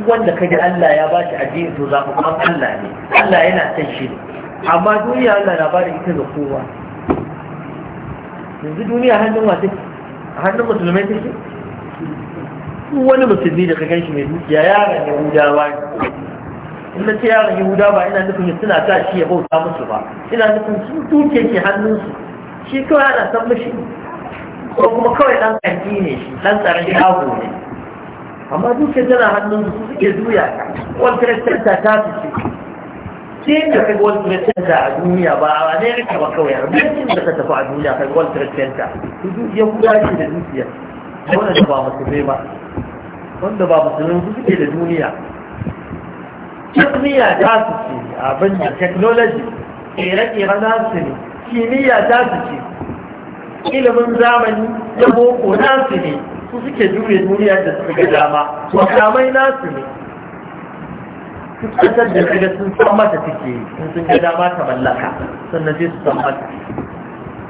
wanda kaji Allah ya bashi addini to zaɓi kuma Allah ne Allah yana san shi amma duniya Allah na bada ita ga kowa yanzu duniya hannun wa take hannun musulmai take wani musulmi da ka gan shi mai dukiya yaran yahudawa ne in na ce yaran yahuda ba ina nufin suna sa shi ya bauta musu ba ina nufin su duke ke hannunsu shi kawai ana san mashi ko kuma kawai dan kanti ne shi dan tsaron shago ne amma duke tana hannunsu su suke juya wani kiristanta ta su ce sai da kai wani kiristanta a duniya ba a amerika ba kawai a lokacin da ta tafi a duniya kai ga wani kiristanta yahuda ce da dukiya wannan da ba musulmi ba wanda ba musulmi su suke da duniya kimiyya ta su ce abin da technology kere-kere na su ne kimiyya ta su ce ilimin zamani da boko na su ne su suke jure duniya da suka ga dama makamai na su ne duk kasar da ga sun san mata suke yi sun ga dama ta mallaka sannan sai su san mata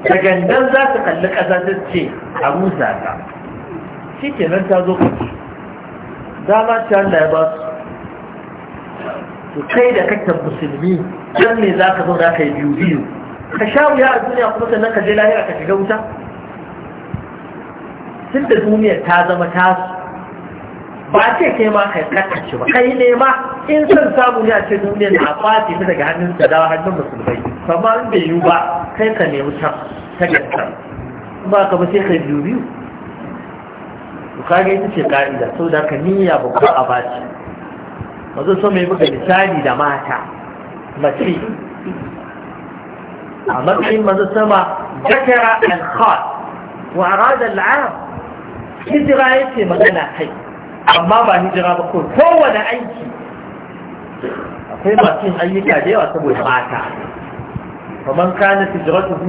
da gandan za su kalli ƙasa ta ce a rusa ta shi nan ta zo kwanci dama ce Allah ya ba su to kai da kakkan musulmi dan ne za ka zo zauna ka yi biyu biyu ka sha wuya a duniya kuma sannan ka je lahira ka shiga wuta tun da duniyar ta zama ta su. ba ce kai ma kai kakkace ba kai ne ma in son samu ne a ce duniyar na kwace ta daga hannun da dawa hannun musulmai Kamar in bai yiwu ba kai ka nemi can ta gantar ba ka ba sai ka biyu biyu to kage ita ce ka'ida saboda ka niyya babba a baci mazo so mai buga misali da mata mace a matsayin mazo sama zakara al-khas wa arada al-am hijira yake magana kai amma ba hijira ba ko kowane aiki akwai masu yin ayyuka da yawa saboda mata kamar kana hijratuhu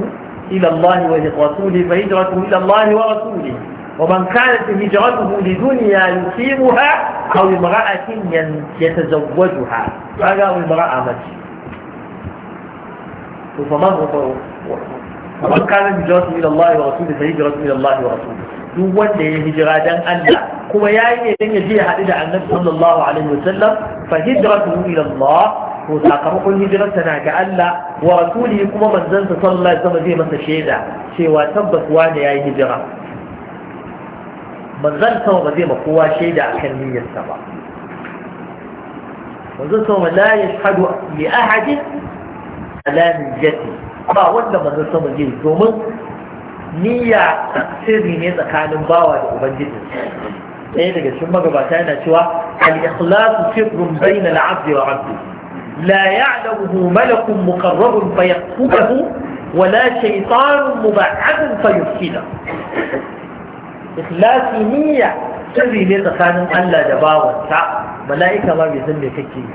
ila Allah wa rasulihi fa hijratuhu ila Allah wa rasulihi ومن كانت هجرته لدنيا يصيبها او امرأة يتزوجها فقالوا امرأة مجي فمن ومن كان هجرته الى الله ورسوله فهجرته الى الله ورسوله دون لي هجرات ان لا كما يعني إيه ان يجي حديد عن نفسه صلى الله عليه وسلم فهجرته الى الله وتاكم كل هجرة تناك ألا ورسوله كما من زنت صلى الله عليه وسلم في مسا شيدا شيوا تبت وانا هجرة manzan sama ba zai ma kowa shaida a kan niyyarsa ba manzan sama la ya shahadu li ahadin ala niyyati ba wanda manzan sama zai domin niyya sirri ne tsakanin bawa da ubangiji ɗaya daga cikin magabata yana cewa al-ikhlasu sirrun bayna al-abdi wa 'abdi la ya'lamuhu malakun muqarrabun fayaqubahu wala shaytanun mub'adun fayufsidahu ikhlasi niyya sirri ne tsakanin Allah da bawansa mala'ika ma bai san me kake yi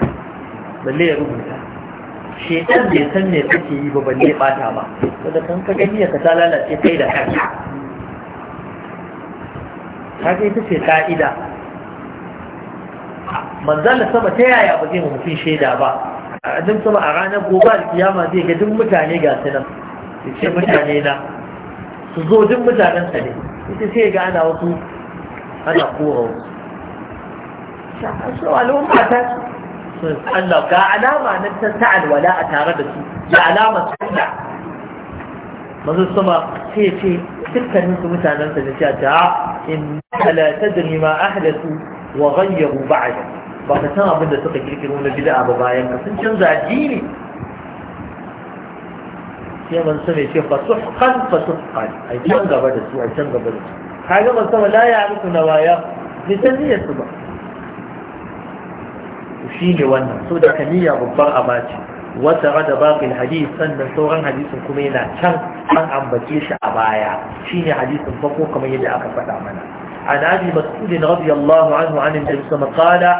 balle ya rubuta shedan bai san me kake yi ba balle bata ba wanda kan ka gani ka ta lalace kai da kanka haka ita ce ka'ida manzala sama ta yaya ba zai mutum shaida ba a sama a ranar gobe alkiyama zai ga duk mutane ga su nan ce mutane na su zo jin mutanensa ne ita sai ga ana wasu ana kora wasu alwan mata Allah ga alama na ta ta'al wala a tare da su da alama sunna mazu sama sai ce dukkanin su mutanen sa da cewa ah, ta in la tadri ma ahdathu wa ghayyaru ba'da ba ka san abin da suka kirkiro na bid'a ba bayan ka sun canza jini. يوم السمي شيء فسحقا فسحقا أي شنغ بدس وعي شنغ بدس حاجة ما السمى لا يعرف نوايا لسنية السمى وشيني وانا سودة كمية غبار أماتي وسرد باقي الحديث أن سورا حديث كمينا شن عن عم بكيش عبايا شيني حديث فقو كما يلي أكفت عمنا عن أبي مسؤول رضي الله عنه عن النبي صلى قال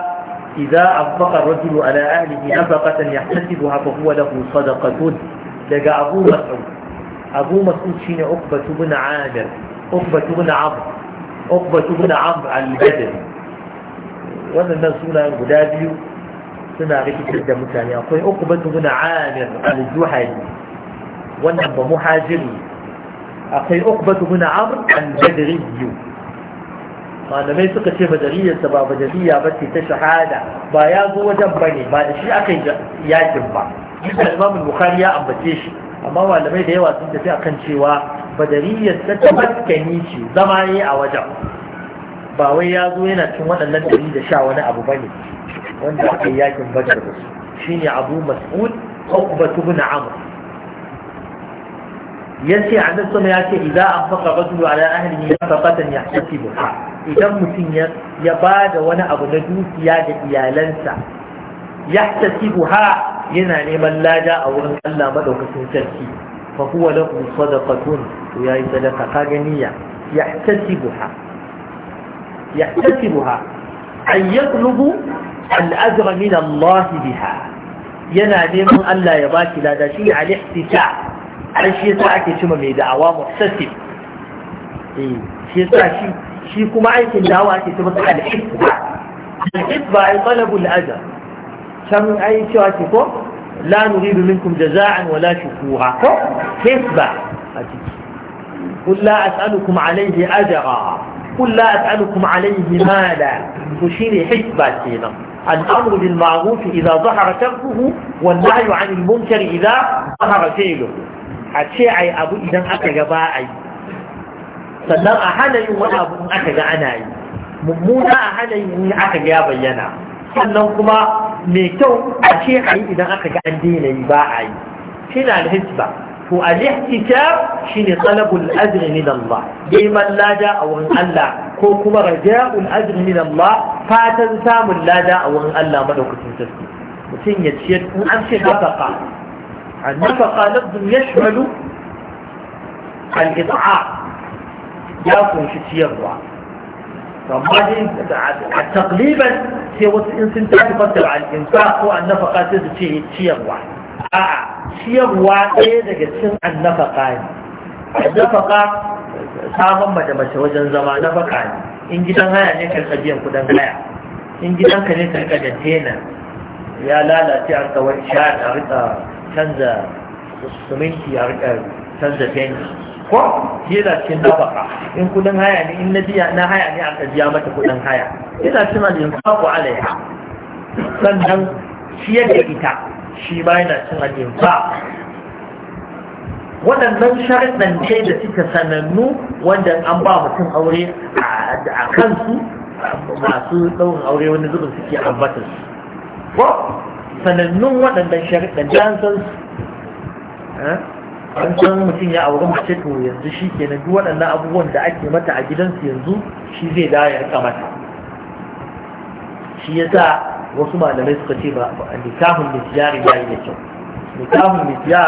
إذا أنفق الرجل على أهله نفقة يحتسبها فهو له صدقة daga abu mas'ud abu mas'ud shine ukbatu bin amir ukbatu bin amr ukbatu bin amr al-badri wannan sunayen guda biyu suna rikicin da mutane akwai ukbatu bin amir al-juhani wannan ba muhajiri akwai ukbatu bin amr al-badri malamai suka ce badariyarsa ba badariya ba ce ta shahada ba ya zo wajen ba ne ba da shi aka yi yakin ba yadda imamun bukari ya ambace shi amma malamai da yawa sun tafi akan cewa badariyar ta tabaskani ce zama ne a wajen ba wai ya zo yana cin waɗannan dari da sha wani abu bane wanda aka yi yakin badar da su shine abu mas'ud uqbatu bin amr yace annabi sama yace idan an faka rajulu ala ahlihi faqatan yahtasibuha idan mutum ya ba da wani abu na dukiya ga iyalansa yahtasibuha yana neman lada a wurin Allah madaukakin sarki fa huwa lahu sadaqatun to yayi sadaka ka ganiya yahtasibuha yahtasibuha an yaqlubu al-ajra min Allah biha yana neman Allah ya baki lada shi al-ihtisa ai shi yasa ake cewa mai da'awa muhtasib eh shi yasa shi shi kuma aikin da'awa ake cewa al-ihtisab al-ihtisab ay talabul ajr can ai cewa ce ko la nuridu minkum jaza'an wala shukura ko hisba a ciki قل لا أسألكم عليه أجرا قل لا أسألكم عليه مالا تشير حسبة سينا الأمر an إذا ظهر تركه والنهي عن المنكر إذا ظهر abu idan aka إذا أكا باعي sannan a hana yin wani abu aka ga ana yi mummuna a hana yin aka ga bayyana sannan kuma mai kyau a ce a yi idan aka ga an daina yi ba a yi shi na alhisba to alihtikar shi ne tsalabul ajri min Allah neman lada a wurin Allah ko kuma raja'ul ajri min Allah fatan samun lada a wurin Allah madaukakin sarki mutum ya ciyar in an ce nafaka annafaka lafzun yashmalu al-it'a ya kunshi ciyarwa amma dai a takliban sai in sun tafi fasar al'insa ko annafaka sai su ce ciyarwa a'a ciyarwa e daga cikin annafaka ne annafaka samun mace mace wajen zama nafaka ne in gidan haya ne karka biyan kudin haya in gidan ka ne karka da ya lalace a tsawon a rika canza suminti a rika canza fenti ko yana cikin nafaka in kudin haya ne in na biya na haya ne aka biya mata kudin haya yana cikin al'infaku alaiha sannan ciyar da ita shi ma yana cikin Ba, waɗannan sharaɗan ce da suka sanannu wanda an ba mutum aure a kansu masu ɗaurin aure wanda zubin suke ambatar su sanannun waɗannan sharaɗan jansan su eh? an san mutum ya auri mace to yanzu shi ke duk waɗannan abubuwan da ake mata a gidansu yanzu shi zai dawo ya rika mata shi ya sa wasu malamai suka ce ba a nikahun siya ya yi da kyau nikahun siya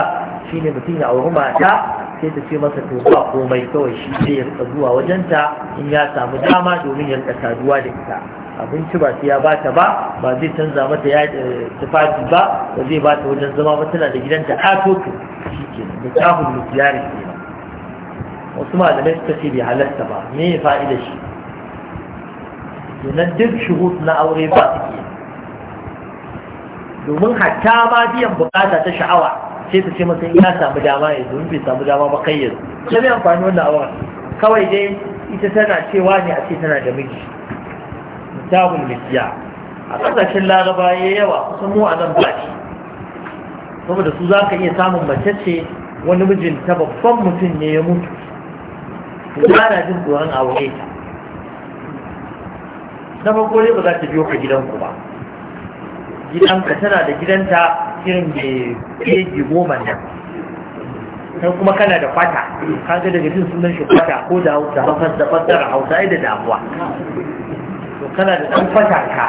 shi ne mutum ya auri mata sai ta ce masa to ba komai kawai shi zai rika zuwa wajenta in ya samu dama domin ya rika saduwa da ita abinci ba ya bata ba ba zai canza mata ya eh, tufafi ba ba zai bata wajen zama ba tana da gidanta katoto shi ke da kafin nukiliyar ke wasu malamai suka ce bai halarta ba me ya da shi kenan duk shuhud na aure ba su ke domin hatta ma biyan bukata ta sha'awa sai ta ce masa ya samu dama ya domin bai samu dama ba kai yanzu sai amfani wannan awar kawai dai ita tana cewa ne a ce tana da miji kitabun Mikiya, a ƙasashen laraba ya yawa kusan mu a nan baki saboda su za ka iya samun mace ce wani mijinta babban mutum ne ya mutu na jin tsoron aure ta na farko ne ba za ta biyo ka gidanku ba gidanka tana da gidanta irin da ke goma nan sai kuma kana da fata kaga daga jin sunan shi fata ko da hausa da fassara hausa da damuwa to kana da ɗan fata ka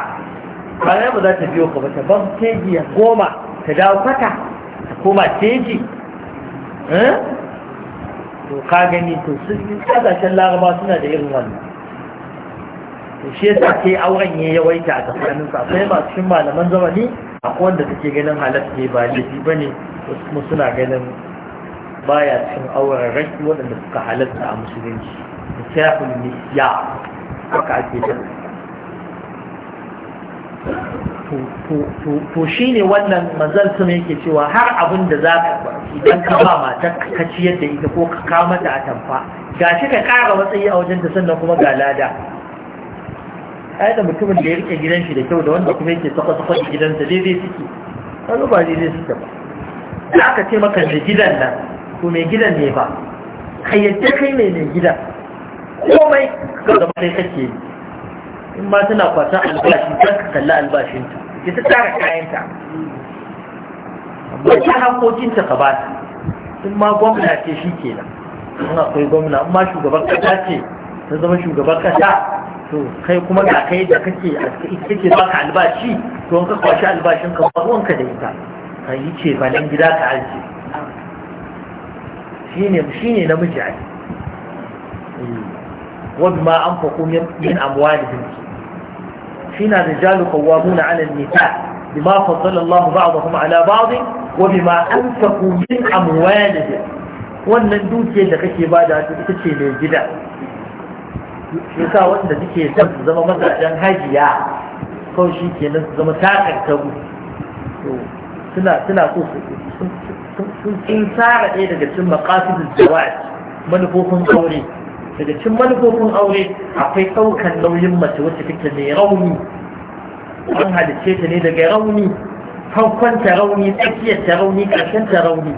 kare ba za ta biyo ka ba ta ban teji ya goma ta dawo fata ta koma teji. Eh? to ka gani to sun kasashen laraba suna da irin wannan to shi yasa ke auren ya yawaita a tsakanin sa akwai masu cikin malaman zamani kowanne wanda take ganin halatta ne ba laifi bane wasu kuma suna ganin baya cikin auren raki waɗanda suka halatta a musulunci da shafin nisya haka ake to shi ne wannan manzan sun yake cewa har abin da za ka idan ka ba matar ka ciyar da ita ko ka kama mata a tamfa ga shi ka kara matsayi a wajen ta sannan kuma ga lada ai da mutumin da ya rike gidan shi da kyau da wanda kuma yake saka-saka da gidansa daidai suke wani ba daidai suke ba da aka ce maka da gidan nan ko mai gidan ne ba Kayyace kai ne mai gidan komai ga zama sai kake yi in ma tana kwasa albashi ta ka kalla albashinta ki ta tara kayanta amma ta hakokinta ka ba ta in ma gwamna ce shi ke da. in akwai gwamna in ma shugaban kasa ce ta zama shugaban kasa to kai kuma ga kai da kake kake ka albashi to in ka kwashi albashin ka ba ruwanka da ita ka yi ce ba nan gida ka aje shine shine namiji ai eh. wadda ma an faƙo min amwalihim shine rijalu qawwamuna 'ala an-nisa bima faddala Allahu ba'dahum 'ala ba'd wa bima anfaqu min amwalihim wannan dukiyar da kake bada ta ita ce mai gida yasa wanda suke son su zama mazajen hajiya kawai shi nan su zama takarkaru suna suna so sun tsara ɗaya daga cikin makasudin jawad manufofin aure daga cin manufofin aure akwai ɗaukar nauyin mace wacce take mai rauni an halice ta ne daga rauni farkon ta rauni tsakiyar ta rauni ƙarshen ta rauni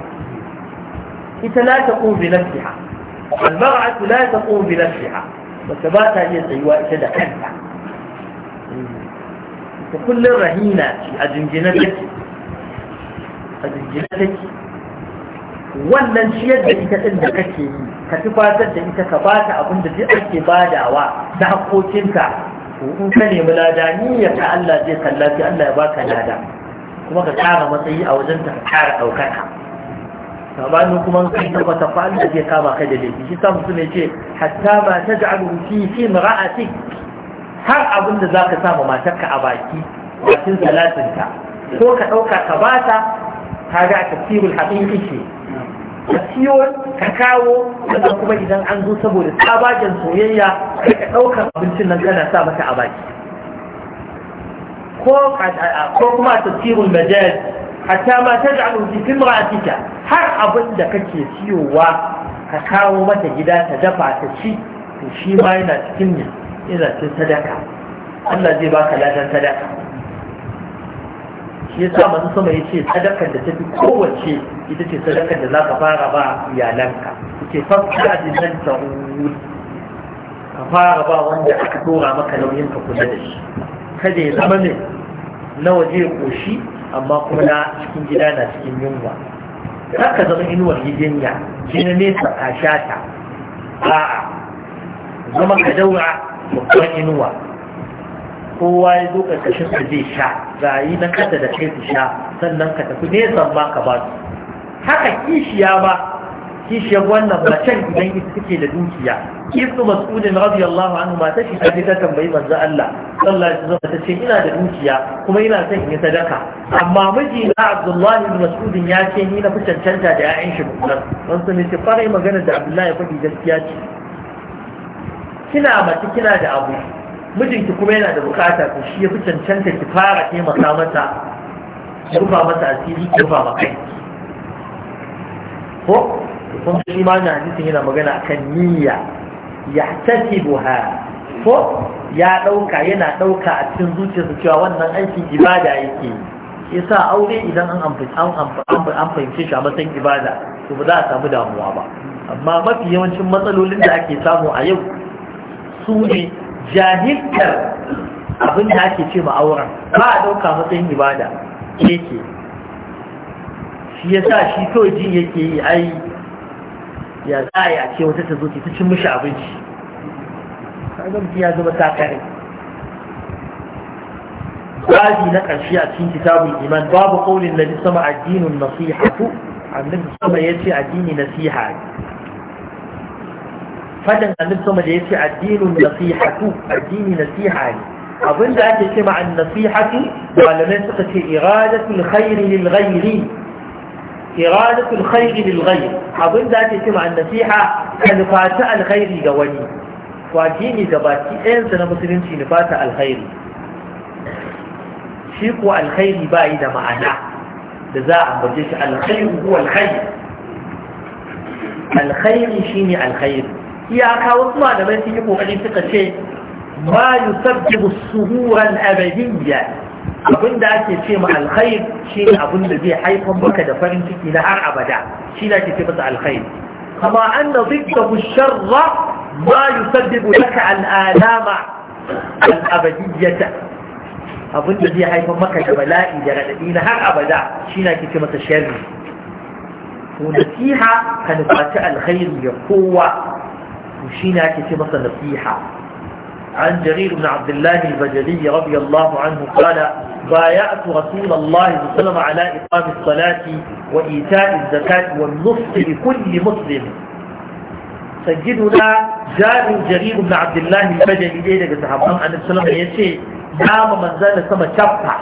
ita la ta ƙun bi nafsiha almar'atu la ta ƙun bi nafsiha mace ba ta iya tsayuwa ita da kanta ta kullum rahina ce a jinjina take a jinjina take wannan ciyar da ita ɗin da kake yi ka tufatar da ita ka bata abin da duk ake badawa da haƙoƙinta to in ka nemi lada niyyar ka Allah zai kalla sai Allah ya baka lada kuma ka ƙara matsayi a wajen ta ka ƙara ɗaukaka sabanin kuma kai ta bata fa zai kama kai da laifi shi sa mutum ce hatta ma taj'alu fi fi ra'atik har abin da ka sa ma matarka a baki bakin salatinka ko ka ɗauka ka bata kaga a tafsirul haqiqi ka siyo ka kawo kuma idan an zo saboda tsabagen soyayya ka ɗaukar abincin nan kana sa mata a baki ko kuma a tasirin majal hatta ma ta ja'alu fi imra'atika har abin da kake siyowa ka kawo mata gida ta dafa ta ci to shi ma yana cikin ne yana cikin sadaka Allah zai baka ladan sadaka shi yasa masu sama ya yace sadakar da tafi kowace ita ce sadakar da za ka fara ba iyalanka yace nan ta wuri. ka fara ba wanda aka dora maka nauyin ka kula da shi kada ya zama ne na waje ya koshi amma kuma na cikin gida na cikin yunwa ka zama inuwar gidanya, shi na nesa ka a'a zama ka daura babban inuwa kowa ya zo karkashin ka zai sha rayi na kada da kai su sha sannan ka tafi nesan ma ka ba su haka kishiya ba kishiyar wannan macen idan ita take da dukiya ibnu mas'udin radiyallahu anhu mata tashi ta ta tambayi manzo Allah sallallahu alaihi wasallam ta ce ina da dukiya kuma ina son in yi sadaka amma miji na Abdullah ibn Mas'udin ya ce ni na fi cancanta da 'ya'yan shi mutan wanda ne ce fara magana da Abdullah ya faɗi gaskiya ce kina mace kina da abu mijinki kuma yana da bukata ku shi ya fi cancanta ki fara taimaka masa ki rufa masa asiri ki rufa maka ko kun shi ma na hadisin yana magana akan niyya yahtasibuha ko ya dauka yana dauka a cikin zuciyarsa cewa wannan aiki ibada yake yasa aure idan an an fahimce shi a matsayin ibada to ba za a samu damuwa ba amma mafi yawancin matsalolin da ake samu a yau su ne jahiltar abin da ake ce ma'auran ba a ɗauka matsayin ibada yake shi ya sa shi kawai jin yake yi ai ya za a yi a ce wata ta zo ta cin mishi abinci kagamci ya zama takare babi na ƙarshe a cikin kitabun iman babu ƙaunin da sama addinin ku. annabi sama ya ce addini nasiha fadan annabi sama da yace addinun nasihatu addini nasiha ne abinda ake ce ma'an nasihatu malamai suka ce iradatul khairi lil ghairi iradatul khairi lil ghairi abinda ake ce ma'an nasiha kan alkhairi ga wani to addini gabaki ɗayansa na musulunci ne fata alkhairi shi ko alkhairi ba yi da ma'ana da za a ambace shi alkhairi ko alkhairi alkhairi ne alkhairi iyaka wasu malamai sun yi kokari suka ce ma yusabbihu suhuran abadiyya abin da ake ce ma alkhair shi ne abin da zai haifar maka da farin ciki na har abada shi ne ake ce masa alkhair kama an na zikkahu sharra ma yusabbihu laka al'alama al'abadiyyata abin da zai haifar maka da bala'i da raɗaɗi na har abada shi ne ake ce masa sharri to nasiha ka nufaci alkhairi ga kowa شين أكتب نصيحة عن جرير بن عبد الله البجلي رضي الله عنه قال بايعت رسول الله صلى الله عليه وسلم على إقام الصلاة وإيتاء الزكاة والنصف لكل مسلم سجدنا جابر جرير بن عبد الله البجلي ليلة لك صحابان عن السلام يشي نام من زال سما شفع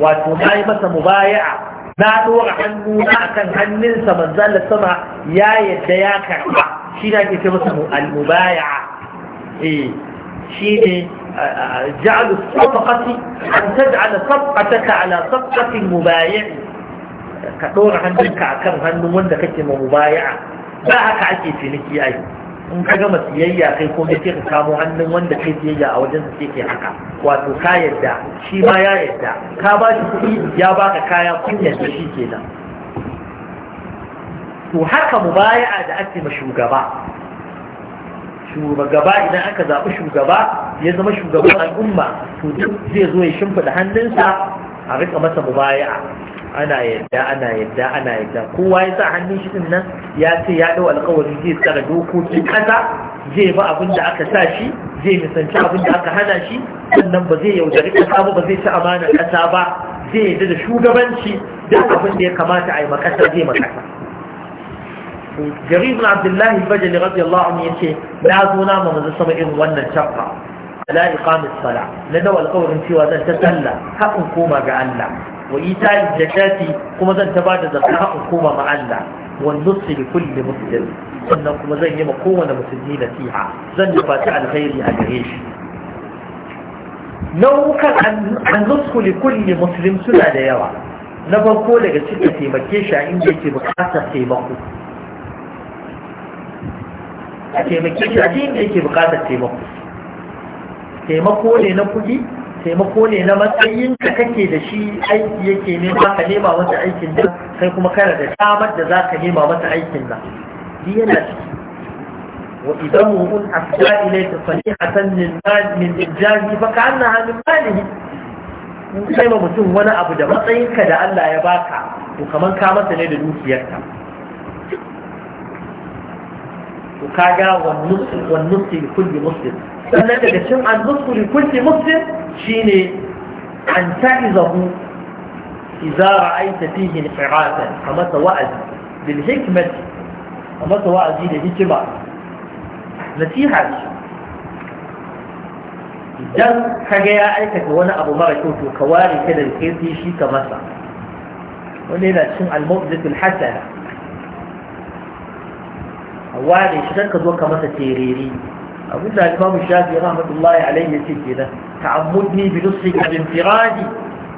وتناي مسا مبايعة لا دور عنه لا كان هننسى من زال سما يا يديا كعبة shi da ake ce masa al-mubaya'a eh shi ne ja'alu safaqati an taj'ala safqataka ala safqati al-mubayi'i ka dora hannunka akan hannun wanda kake ma mubaya'a ba haka ake ciniki ai in ka gama siyayya kai ko sai ka kamo hannun wanda kai siyayya a wajen sa ke haka wato ka yadda shi ma ya yadda ka ba shi kuɗi ya baka kaya kun yadda shi kenan to haka mubaya'a da ake ma shugaba shugaba idan aka zaɓi shugaba ya zama shugaban al'umma to duk zai zo ya shimfiɗa hannunsa a rika masa mubaya'a ana yadda ana yadda ana yadda kowa ya sa hannun shi nan ya ce ya ɗau alƙawarin zai tsara dokokin ƙasa zai ba abin da aka sa shi zai nisanci abin da aka hana shi sannan ba zai yaudari ƙasa ba ba zai ci amanar ƙasa ba zai yadda da shugabanci duk abin da ya kamata a yi makasa zai makasa jarir bin abdullah al-bajali radiyallahu anhu yace na zo na manzo sama irin wannan chaffa ala iqamis sala na da alƙawarin cewa zan ta sallah haƙin koma ga Allah wa ita'i zakati kuma zan ta bada zakka haƙin koma ma Allah wa nusi li kulli muslim sannan kuma zan yi ma kowane musulmi nasiha zan nufa ta alkhairi a gare shi nau'ukan annusku li kulli muslim suna da yawa na farko daga cikin taimake shi a inda yake bukatar taimako a taimake shi a cikin da yake bukatar taimako taimako ne na kuɗi taimako ne na matsayin ka kake da shi aiki yake nema ka nema masa aikin nan kai kuma kana da damar da za ka nema masa aikin nan shi yana ciki wa idan mu'un afda ilayka salihatan min mal min ijahi fa ka'annaha min malihi in kai ma mutum wani abu da matsayinka da Allah ya baka to kaman ka masa ne da dukiyarka وكاجا والنص والنص لكل مسلم فانا تقسم عن نص لكل مسلم شيني عن تعزه اذا رايت فيه انفعالا كما توعد بالحكمه كما توعد به الاجتماع نتيجه idan ka ga ya أبو مرة كنت mara kyau to ka ware ka da kai shi ka a wane shi don ka zo ka masa tereri abin da alimamu shafi rahmatullahi Allah ya ce ke kenan ta'ammudni bi nusri ka bin Wajen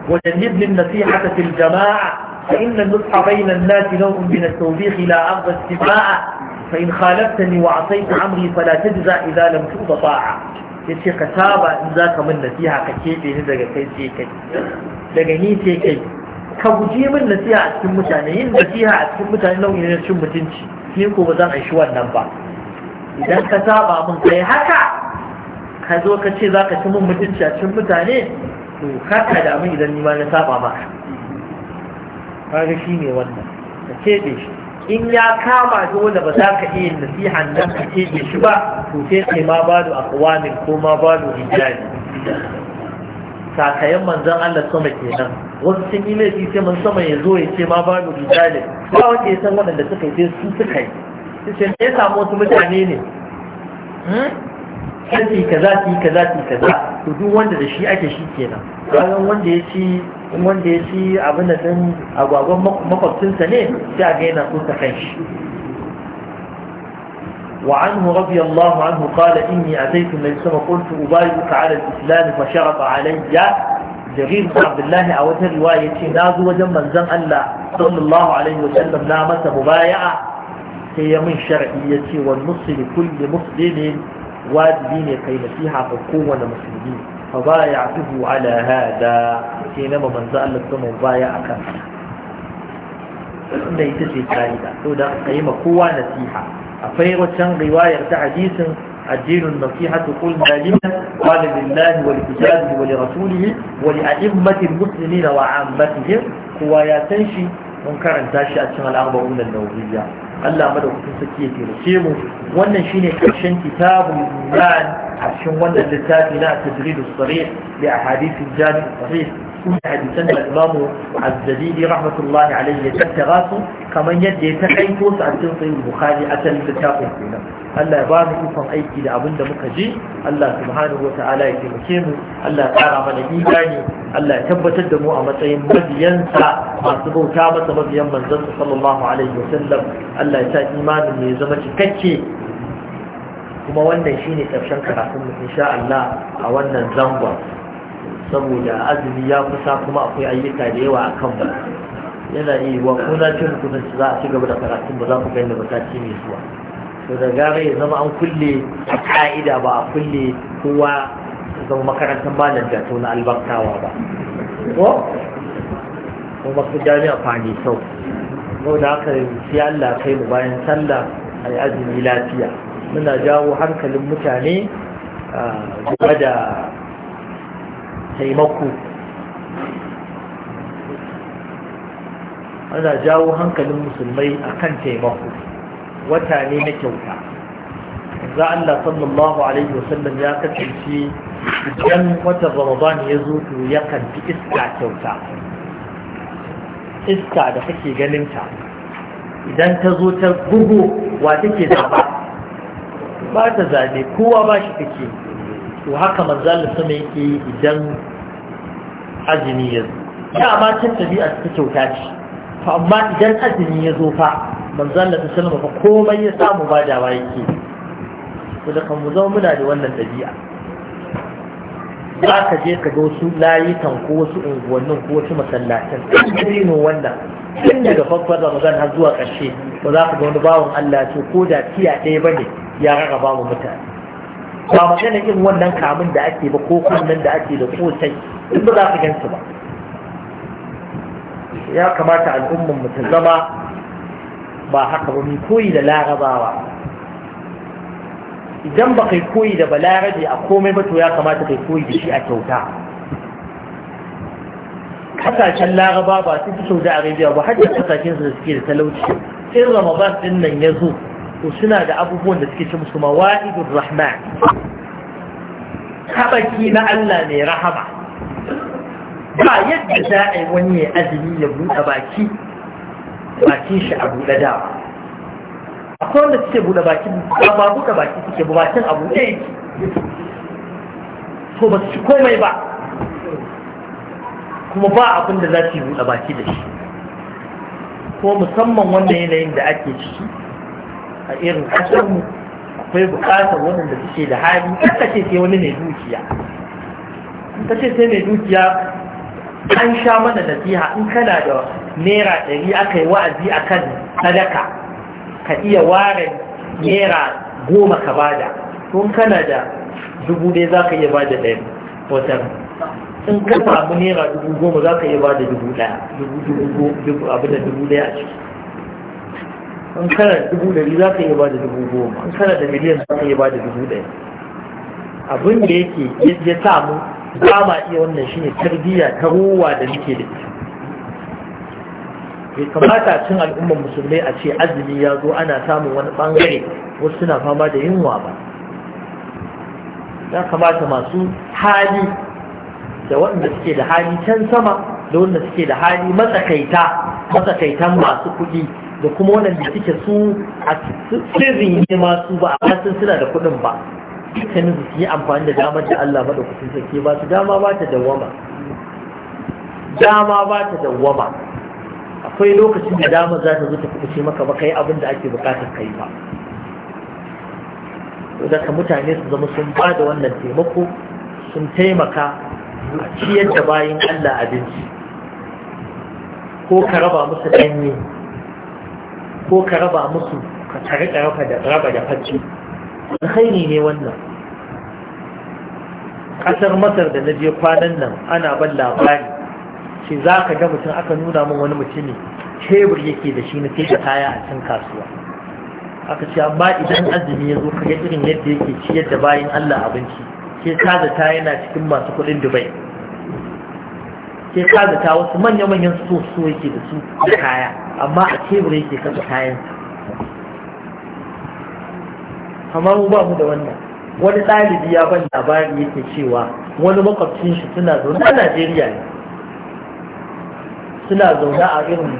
wa jannibni nasihata fil jama'a فإن النصح بين الناس نوع من التوبيخ in أرض استماع فإن خالفتني وعصيت عمري فلا تجزى إذا لم تؤض طاعة yace ka saba in za ka min nasiha ka kebe ni daga kai sai kai daga ni sai kai ka guji min nasiha a cikin mutane yin nasiha a cikin mutane nau'i na cin mutunci ni ko ba zan aishi wannan ba idan ka saba mun kai haka ka zo ka ce za ka ci mun mutunci a cikin mutane to kar ka damu idan ni ma na saba ma kaga shi ne wannan ka keɓe shi in ya kama dole ba za ka iya nasihan nan ka keɓe shi ba to sai kai ma bado akwamin ko ma bado hijabi sakayen manzan Allah sama kenan wasu sun yi laifi sai mun sama ya zo ya ce ma ba mu rijalin ba wanda ya san waɗanda suka yi su suka yi su ce ya samu wasu mutane ne yi ka za su yi ka za, su duk wanda da shi ake shi kenan bayan wanda ya ci wanda ya ci abin da din agwagwan makwabcinsa ne sai a ga yana so ta kai shi وعنه رضي الله عنه قال إني أتيت النبي صلى الله عليه وسلم قلت أبايعك على الإسلام فشرط علي جرير بن عبد الله أو رواية نازو وجم من زم ألا صلى الله عليه وسلم نامت مبايعة هي من شرعية والنص لكل مسلم واجبين كي فيها حقوة المسلمين فبايعته على هذا حينما من زال ألا ثم مبايعة كاملة. Inda ita ce ka'ida, to akwai wancan riwayar ta hadisin addinin nasiha ta kul malima wal lillahi wal kitabi wal rasulihi wal a'immati al muslimin wa ammatihi kuwa ya san shi mun karanta shi a cikin al'amarin nan da wuriya Allah madaukakin sarki ya tilace mu wannan shine karshen kitabul iman a cikin wannan littafi na tajridus sarih bi ahadith al jami' سنة حديثنا الإمام الزبيدي رحمة الله عليه يتتغاس كما يدي تحيكوس عن تنطي البخاري أتل بتاقه فينا الله يبارك فم أيكي لأبن مكجي الله سبحانه وتعالى يتمكين الله تعالى من إيماني الله يتبت الدموع متين مبينسى ما سبو كامة مبين من زنس صلى الله عليه وسلم الله يتاك إيمان من يزمك كتشي kuma wannan shine karshen karatun mu insha Allah a wannan zangon saboda azumi ya kusa kuma akwai ayyuka da yawa a kan mu yana yi wa ko na ce su za a ci gaba da karatun ba za ku gani ba mai zuwa to da gara ya zama an kulle a ka'ida ba a kulle kowa zama makarantar malam da na albarkawa ba ko kuma ku jami'a fani sau ko da haka sai Allah kai mu bayan sallah ai azumi lafiya muna jawo hankalin mutane game da taimako ana jawo hankalin musulmai akan taimako wata ne na kyauta za Allah sallallahu alaihi wasallam ya kasance idan wata ramadan ya zo to ya fi iska kyauta iska da kake ganin ta idan ta zo ta bugu wa take zaba ba ta zabe kowa ba shi take to haka manzalin sama yake idan azumi ya zo ya ma ta tabi'a ta kyauta ce To amma idan azumi ya zo fa manzalin sallama fa komai ya samu badawa yake to da kan mu zama muna da wannan tabi'a za ka je ka ga wasu layukan ko wasu unguwannin ko wasu masallacin ɗin wannan tun daga farkon ramadan har zuwa ƙarshe ba za ka ga wani bawan allah ce ko da tiya ɗaya ba ne ya rarraba mu mutane ba magana irin wannan kamun da ake ba ko kunnen da ake da kosai duk ba za ka gansu ba ya kamata al'ummar mu ta zama ba haka ba mai koyi da larabawa idan ba kai koyi da balarabe a komai ba to ya kamata kai koyi da shi a kyauta kasashen laraba ba su fi sau da arabia ba hajjar kasashen su da suke da talauci sai ramadan din nan ya zo to suna da abubuwan da suke ce musu mawa'idur rahman kabaki na Allah mai rahama ba yadda za a yi wani ya azumi ya buɗe baki bakin shi a buɗe dawa akwai wanda suke buɗe baki ba buɗe baki suke ba bakin abu ɗaya yake to ba su komai ba kuma ba abin da za su yi buɗe baki da shi ko musamman wanda yanayin da ake ciki a irin ƙasarmu akwai buƙatar waɗanda suke da hali in ka ce sai wani mai dukiya in ka ce sai mai dukiya an sha mana nasiha in kana da naira ɗari aka yi wa'azi a kan sadaka ka iya ware naira goma ka bada in kana da dubu ɗaya za ka iya bada ɗaya watan in ka samu naira dubu goma za ka iya bada dubu ɗaya dubu dubu abin da dubu ɗaya a ciki an kana da dubu ɗari za ka iya ba da dubu goma an kana da miliyan za ka iya ba da dubu ɗaya abin da yake ya samu ba ma iya wannan shi ne tarbiyya ta ruwa da nake da ita bai kamata cin al'ummar musulmai a ce azumi ya zo ana samun wani bangare wasu suna fama da yunwa ba ya kamata masu hali da waɗanda suke da hali can sama da waɗanda suke da hali matsakaita matsakaitan masu kuɗi da kuma waɗanda suke su a sirrin ne masu ba a kasan suna da kuɗin ba dukkanin su yi amfani da damar da Allah maɗaukacin sarki ba su dama ba ta dawwama dama ba ta dawwama akwai lokacin da dama za ta zo ta kuɓuce maka ba yi abin da ake buƙatar kai ba daga mutane su zama sun ba da wannan taimako sun taimaka a ciyar da bayan Allah abinci ko ka raba musu ɗanye ko ka raba musu ka tare da raba da facci alkhairi ne wannan ƙasar masar da na je kwanan nan ana ban labari ce za ka ga mutum aka nuna min wani mutumi tebur yake da shi na sai da kaya a can kasuwa aka ce amma idan azumi ya zo ka ga irin yadda yake ciyar da bayan allah abinci sai ka ta yana cikin masu kuɗin dubai sai ka zata wasu manya-manyan soso yake da su da kaya amma a tebur yake kasa kayan amma mu ba mu da wannan wani ɗalibi ya ban labari yake cewa wani makwabcin shi suna zaune a Najeriya ne suna zaune a irin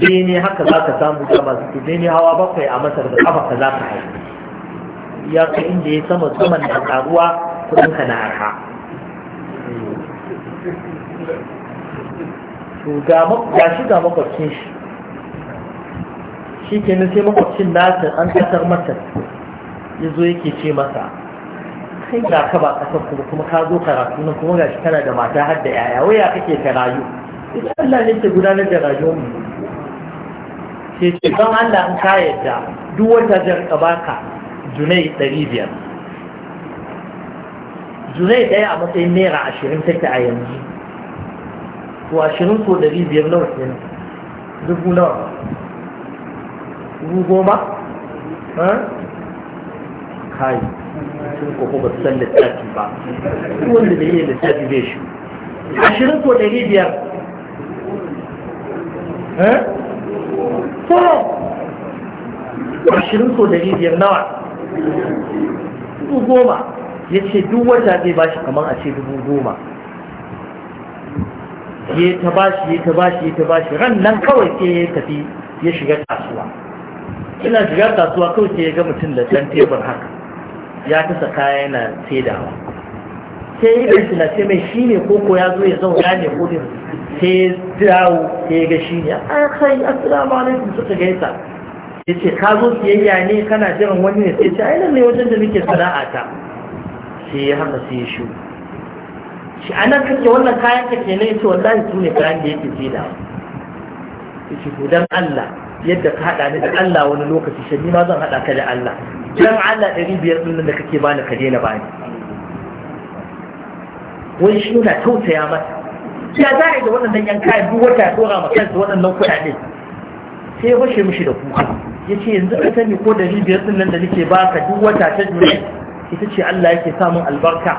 bene haka za ka samu dama su bene hawa bakwai a masar da kafa ka za ka haifi ya kai inda ya sama saman da karuwa kudin ka na arha to ga shi ga makwacin shi shi ke nufin sai nasa an kasar masa ya zo yake ce masa kai ga ka ba kasar kuma kuma ka zo karatu na kuma gashi kana da mata har da yaya waya kake ka rayu ita Allah ne ke gudanar da rayuwar mu ke ce don Allah an ka yadda duk wata ka baka junai ɗari biyar junai ɗaya a matsayin naira ashirin take a yanzu to ashirin ko ɗari biyar nawa kenan dubu nawa dubu goma ha kai sun koko ba san littafi ba wanda da yi littafi zai shi ashirin ko ɗari biyar ha so ashirin ko ɗari biyar nawa dubu goma ya ce duk wata zai ba shi kamar a ce dubu goma ya ta bashi ya ta bashi ya ta bashi ran nan kawai ke ya tafi ya shiga kasuwa ina shiga kasuwa kawai sai ya ga mutum da ɗan tebur haka ya ta kaya yana saidawa sai ya gashi na sai mai shi ne koko ya zo ya zauna ne ko ne sai ya dawo sai ya ga shi ne a ah, kai assalamu alaikum suka gaisa ya ce ka zo siyayya ne kana jiran wani ne sai ce yi nan ne wajen da muke sana'a ta sai ya haka sai ya shigo shi a nan kake wannan kayan ka ke nai ce wallahi su ne kayan da yake saida shi ku dan Allah yadda ka hada ni da Allah wani lokaci shi ma zan hada ka da Allah dan Allah ɗari biyar ɗin da kake bani ka daina bani wani shi yana tausaya masa ya za a yi da waɗannan danyen kayan duk wata ya ɗora ma kansa waɗannan kuɗaɗe sai ya bashe mishi da kuka ya ce yanzu ka sani ko ɗari biyar ɗin nan da nake baka duk wata ta jure ita ce Allah yake samun albarka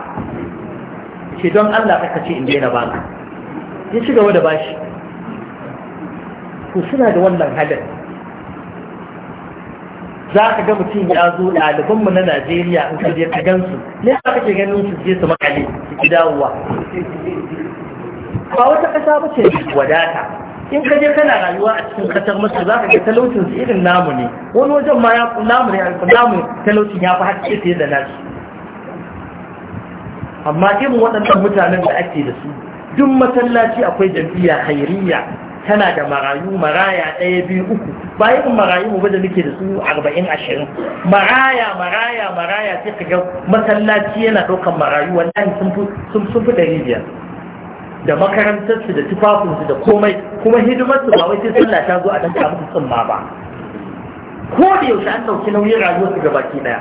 ce don Allah aka ce in daina baka ya ci gaba da bashi ku suna da wannan halin za ka ga mutum ya zo ɗalibanmu na Najeriya in ka je ka gansu ne za ka ke ganin su je su makale su ki dawowa ba wata ƙasa ba ce wadata in ka je kana rayuwa a cikin ƙasar masu za ka ga talaucin su irin namu ne wani wajen ma ya namu ne talaucin ya fi haƙƙi fiye da nasu amma irin waɗannan mutanen da ake da su duk masallaci akwai jam'iyya khairiyya tana da marayu maraya ɗaya biyu uku ba kun marayu mu da nake da su arba'in ashirin maraya maraya maraya sai ka ga masallaci yana ɗaukan marayu wannan sun fi sun fi ɗari biyar da makarantarsu da tufafinsu da komai kuma hidimarsu ba wai sai sallah ta zo a ɗan musu tsumma ba ko da yaushe an ɗauki nauyin rayuwarsu gabaki ɗaya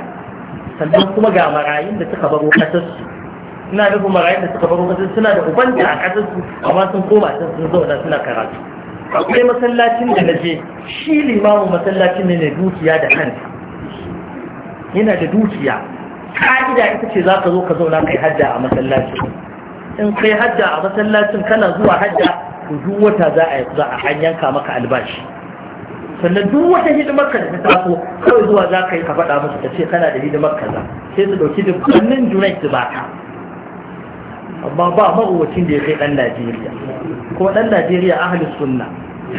sannan kuma ga marayun da suka baro ƙasarsu ina nufin marayun da suka baro kasar suna da ubanta a kasar su amma sun koma can sun zauna suna karatu akwai masallacin da na je shi limamin masallacin ne na dukiya da kanta yana da dukiya ka'ida ita ce za ka zo ka zauna kai hajja a masallacin in kai hajja a masallacin kana zuwa hajja to duk wata za a za a hanyanka maka albashi sannan duk wata hidimar ka da ta taso kawai zuwa za ka yi ka faɗa musu ka ce kana da hidimar kaza sai su ɗauki dukkanin junai su baka amma ba mawucin da ya kai ɗan Najeriya ko ɗan Najeriya ahli sunna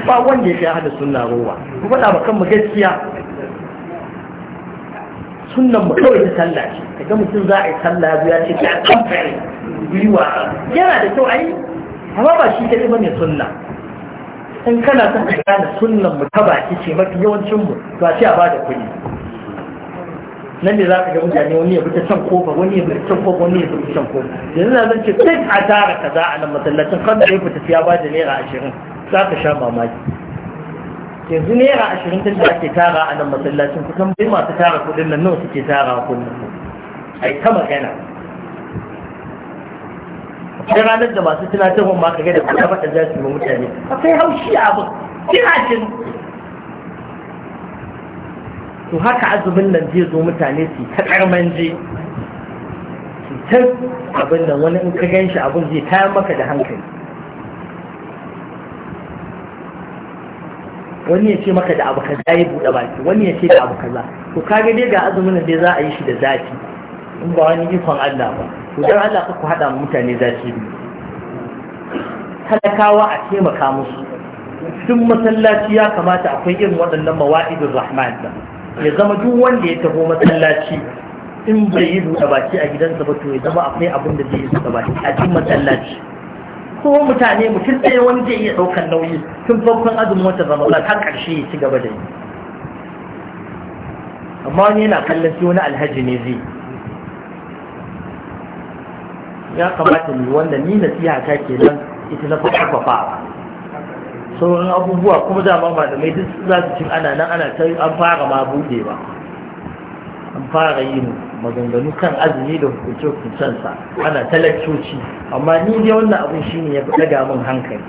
ba wanda ya kai ahli sunna ku kuma ba kan mu gaskiya sunnan mu kawai ta sallah ce kaga mutum za a yi sallah ya ce ta kamfani gwiwa yana da kyau ai amma ba shi kadai bane sunna in kana son ka gane sunnan mu ta baki ce mafi yawancin mu to a ce a bada kuɗi nan da za ka ga mutane wani ya fita can kofa wani ya fita can kofa wani ya fita can kofa yanzu na zan ce duk a tara kaza a nan masallacin kan da ya fita siya ba da naira ashirin za ka sha mamaki yanzu naira ashirin tun da ake tara a nan masallacin kusan bai masu tara kudin nan nawa suke tara kullum ai ta magana Sai ranar da masu tunatarwa ma ka ga da kuma faɗa za su yi mutane akwai haushi abin kira to haka azumin nan zai zo mutane su ta karman je su ta abin nan wani in ka gan shi abin zai kayan maka da hankali wani ya ce maka da abu kaza ya buɗe baki wani ya ce da abu kaza to kaga dai ga azumin nan dai za a yi shi da zafi in ba wani ikon Allah ba to dan Allah ka ku hada mutane zafi ne. talakawa a taimaka musu duk masallaci ya kamata akwai irin waɗannan mawa'idin rahman ya zama duk wanda ya taho masallaci in bai yi buɗe baki a gidansa ba to ya zama akwai abin da zai yi buɗe baki a cikin masallaci ko mutane mutum ɗaya wani zai iya ɗaukar nauyi tun farkon azumin wata ramadan har ƙarshe ya ci gaba da yi amma wani yana kallon sai wani alhaji ne zai ya kamata mu wanda ni nasiha ta kenan ita na farko fa sauran abubuwa kuma dama malamai duk za su cin ana nan ana ta an fara ma buɗe ba an fara yin maganganu kan azumi da hukuncen sa ana ta amma ni dai wannan abin shi ne ya fi min hankali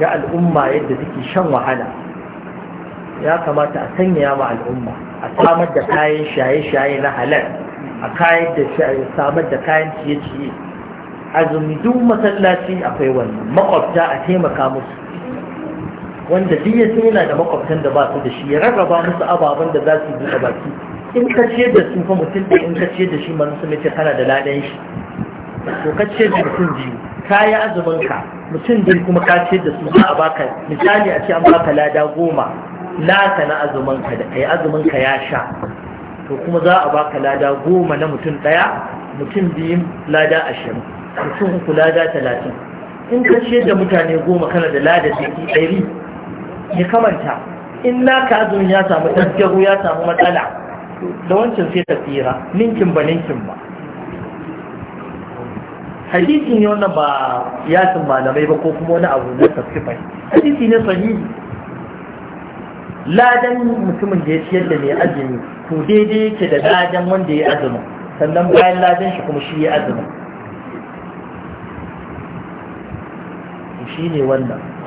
ga al'umma yadda take shan wahala ya kamata a sanya ma al'umma a samar da kayan shaye-shaye na halal a kayan da samar da kayan ciye-ciye azumi duk masallaci akwai wannan makwabta a taimaka musu wanda duk ya san yana da makwabtan da ba su da shi ya rarraba musu ababen da za su buɗe baki in ka ce da su fa mutum da in ka ce da shi manzo sun ce kana da ladan shi to ka ce da mutum biyu ka yi azumin ka mutum biyu kuma ka ce da su za a baka misali a ce an baka lada goma naka na azumin ka da kai azumin ka ya sha to kuma za a baka lada goma na mutum ɗaya mutum biyun lada ashirin mutum ku lada talatin in ka ciyar da mutane goma kana da lada saki ɗari ya kamanta in naka azumin ya samu tasgaro ya samu matsala da wancan sai ta tsira ninkin ba ninkin ba hadisi ne wannan ba yasin malamai ba ko kuma wani abu na tafsifai hadisi ne sahihi ladan mutumin da ya ciyar da mai azumi to daidai yake da ladan wanda ya azumi sannan bayan ladan shi kuma shi ya azumi shine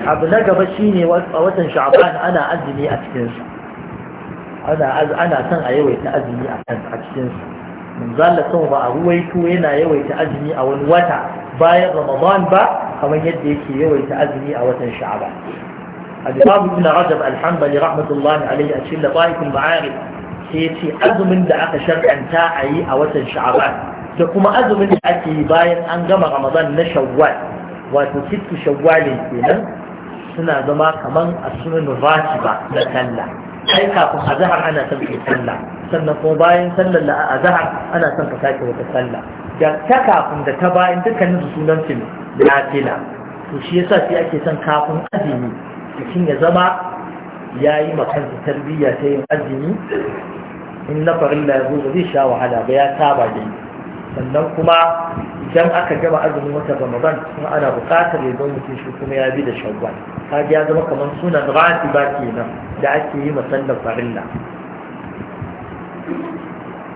abu na gaba shine a watan sha'ban ana azumi a cikin su ana son a yawaita azumi a cikin su a ruwaito yana yawaita azumi a wani wata bayan ramadan ba kamar yadda yake yawaita azumi a watan sha'ban al-imam ibn rajab al-hanbali rahmatullahi alayhi a cikin labaikul ma'arif sai yace azumin da aka shar'anta a yi a watan sha'ban da kuma azumin da ake yi bayan an gama ramadan na shawwal wato sittu shawwalin kenan suna zama kaman asunan ba na sallah Sai kafin zahar ana son ka sallah sannan kuma bayan sallar la ana son ka sake wata sallah da ta kafin da ta bayan dukkanin su sunan su nafila to shi yasa sai ake son kafin azumi mutum ya zama ya yi makansa tarbiyya ta yin azumi in na farilla ya zo zai sha wahala ba ya saba da sannan kuma idan aka gama azumin watan ramadan kuma ana buƙatar ya zo mutum shi kuma ya bi da shawwal kaji ya zama kamar sunan rati ba kenan da ake yi masallar farilla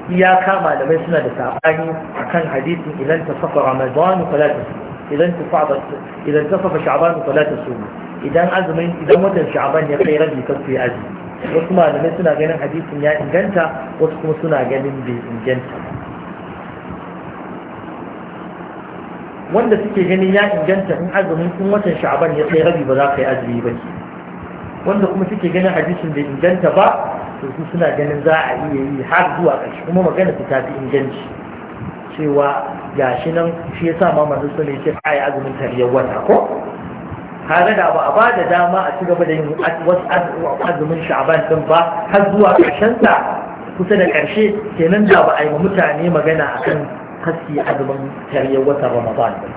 iyaka malamai suna da saɓani akan hadisin idan ta safa ramadan fala ta idan ta safa idan ta safa sha'ban fala ta suma idan azumin idan watan sha'ban ya kai rabi ka su yi azumi wasu malamai suna ganin hadisin ya inganta wasu kuma suna ganin bai inganta ba wanda suke ganin ya inganta in azumin in watan sha'aban ya kai rabi ba za ka yi azumi ba wanda kuma suke ganin hadisin da inganta ba to su suna ganin za a iya yi har zuwa ƙarshe kuma magana ta tafi inganci cewa gashi nan shi ya sa ma su ne ce ka yi azumin tariyar wata ko tare da ba a ba da dama a ci gaba da yin azumin sha'aban din ba har zuwa ƙarshen sa kusa da ƙarshe kenan da ba a yi mutane magana akan kasi azumin karyar watan ramadan ba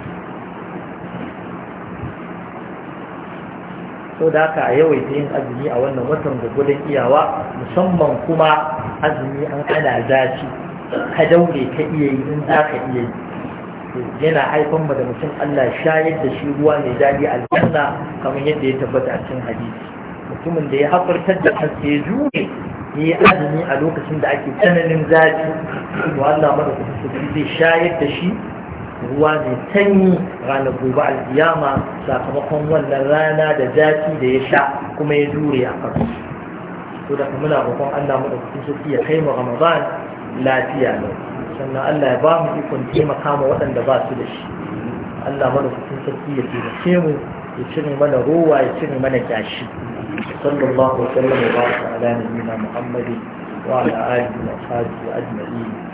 so da haka a yawaita yin azumi a wannan watan da gudun iyawa musamman kuma azumi an ana zafi ka daure ka iya yi in za ka iya yi yana haifan da mutum Allah shayar da shi ruwa mai daɗi aljanna kamar yadda ya tabbata a cikin hadisi mutumin da ya haƙurtar da ya jure ya azumi a lokacin da ake tsananin zafi to Allah mada kuma su zai shayar da shi ruwa zai sanyi ranar gobe alkiyama sakamakon wannan rana da zafi da ya sha kuma ya jure a kan to da muna roƙon Allah mada kuma su ya kai mu Ramadan lafiya lau sannan Allah ya ba mu ikon taimaka ma waɗanda ba su da shi Allah mada kuma su ya taimake mu ya cire mana rowa ya cire mana kyashi صلى الله وسلم وبارك على نبينا محمد وعلى آله وأصحابه أجمعين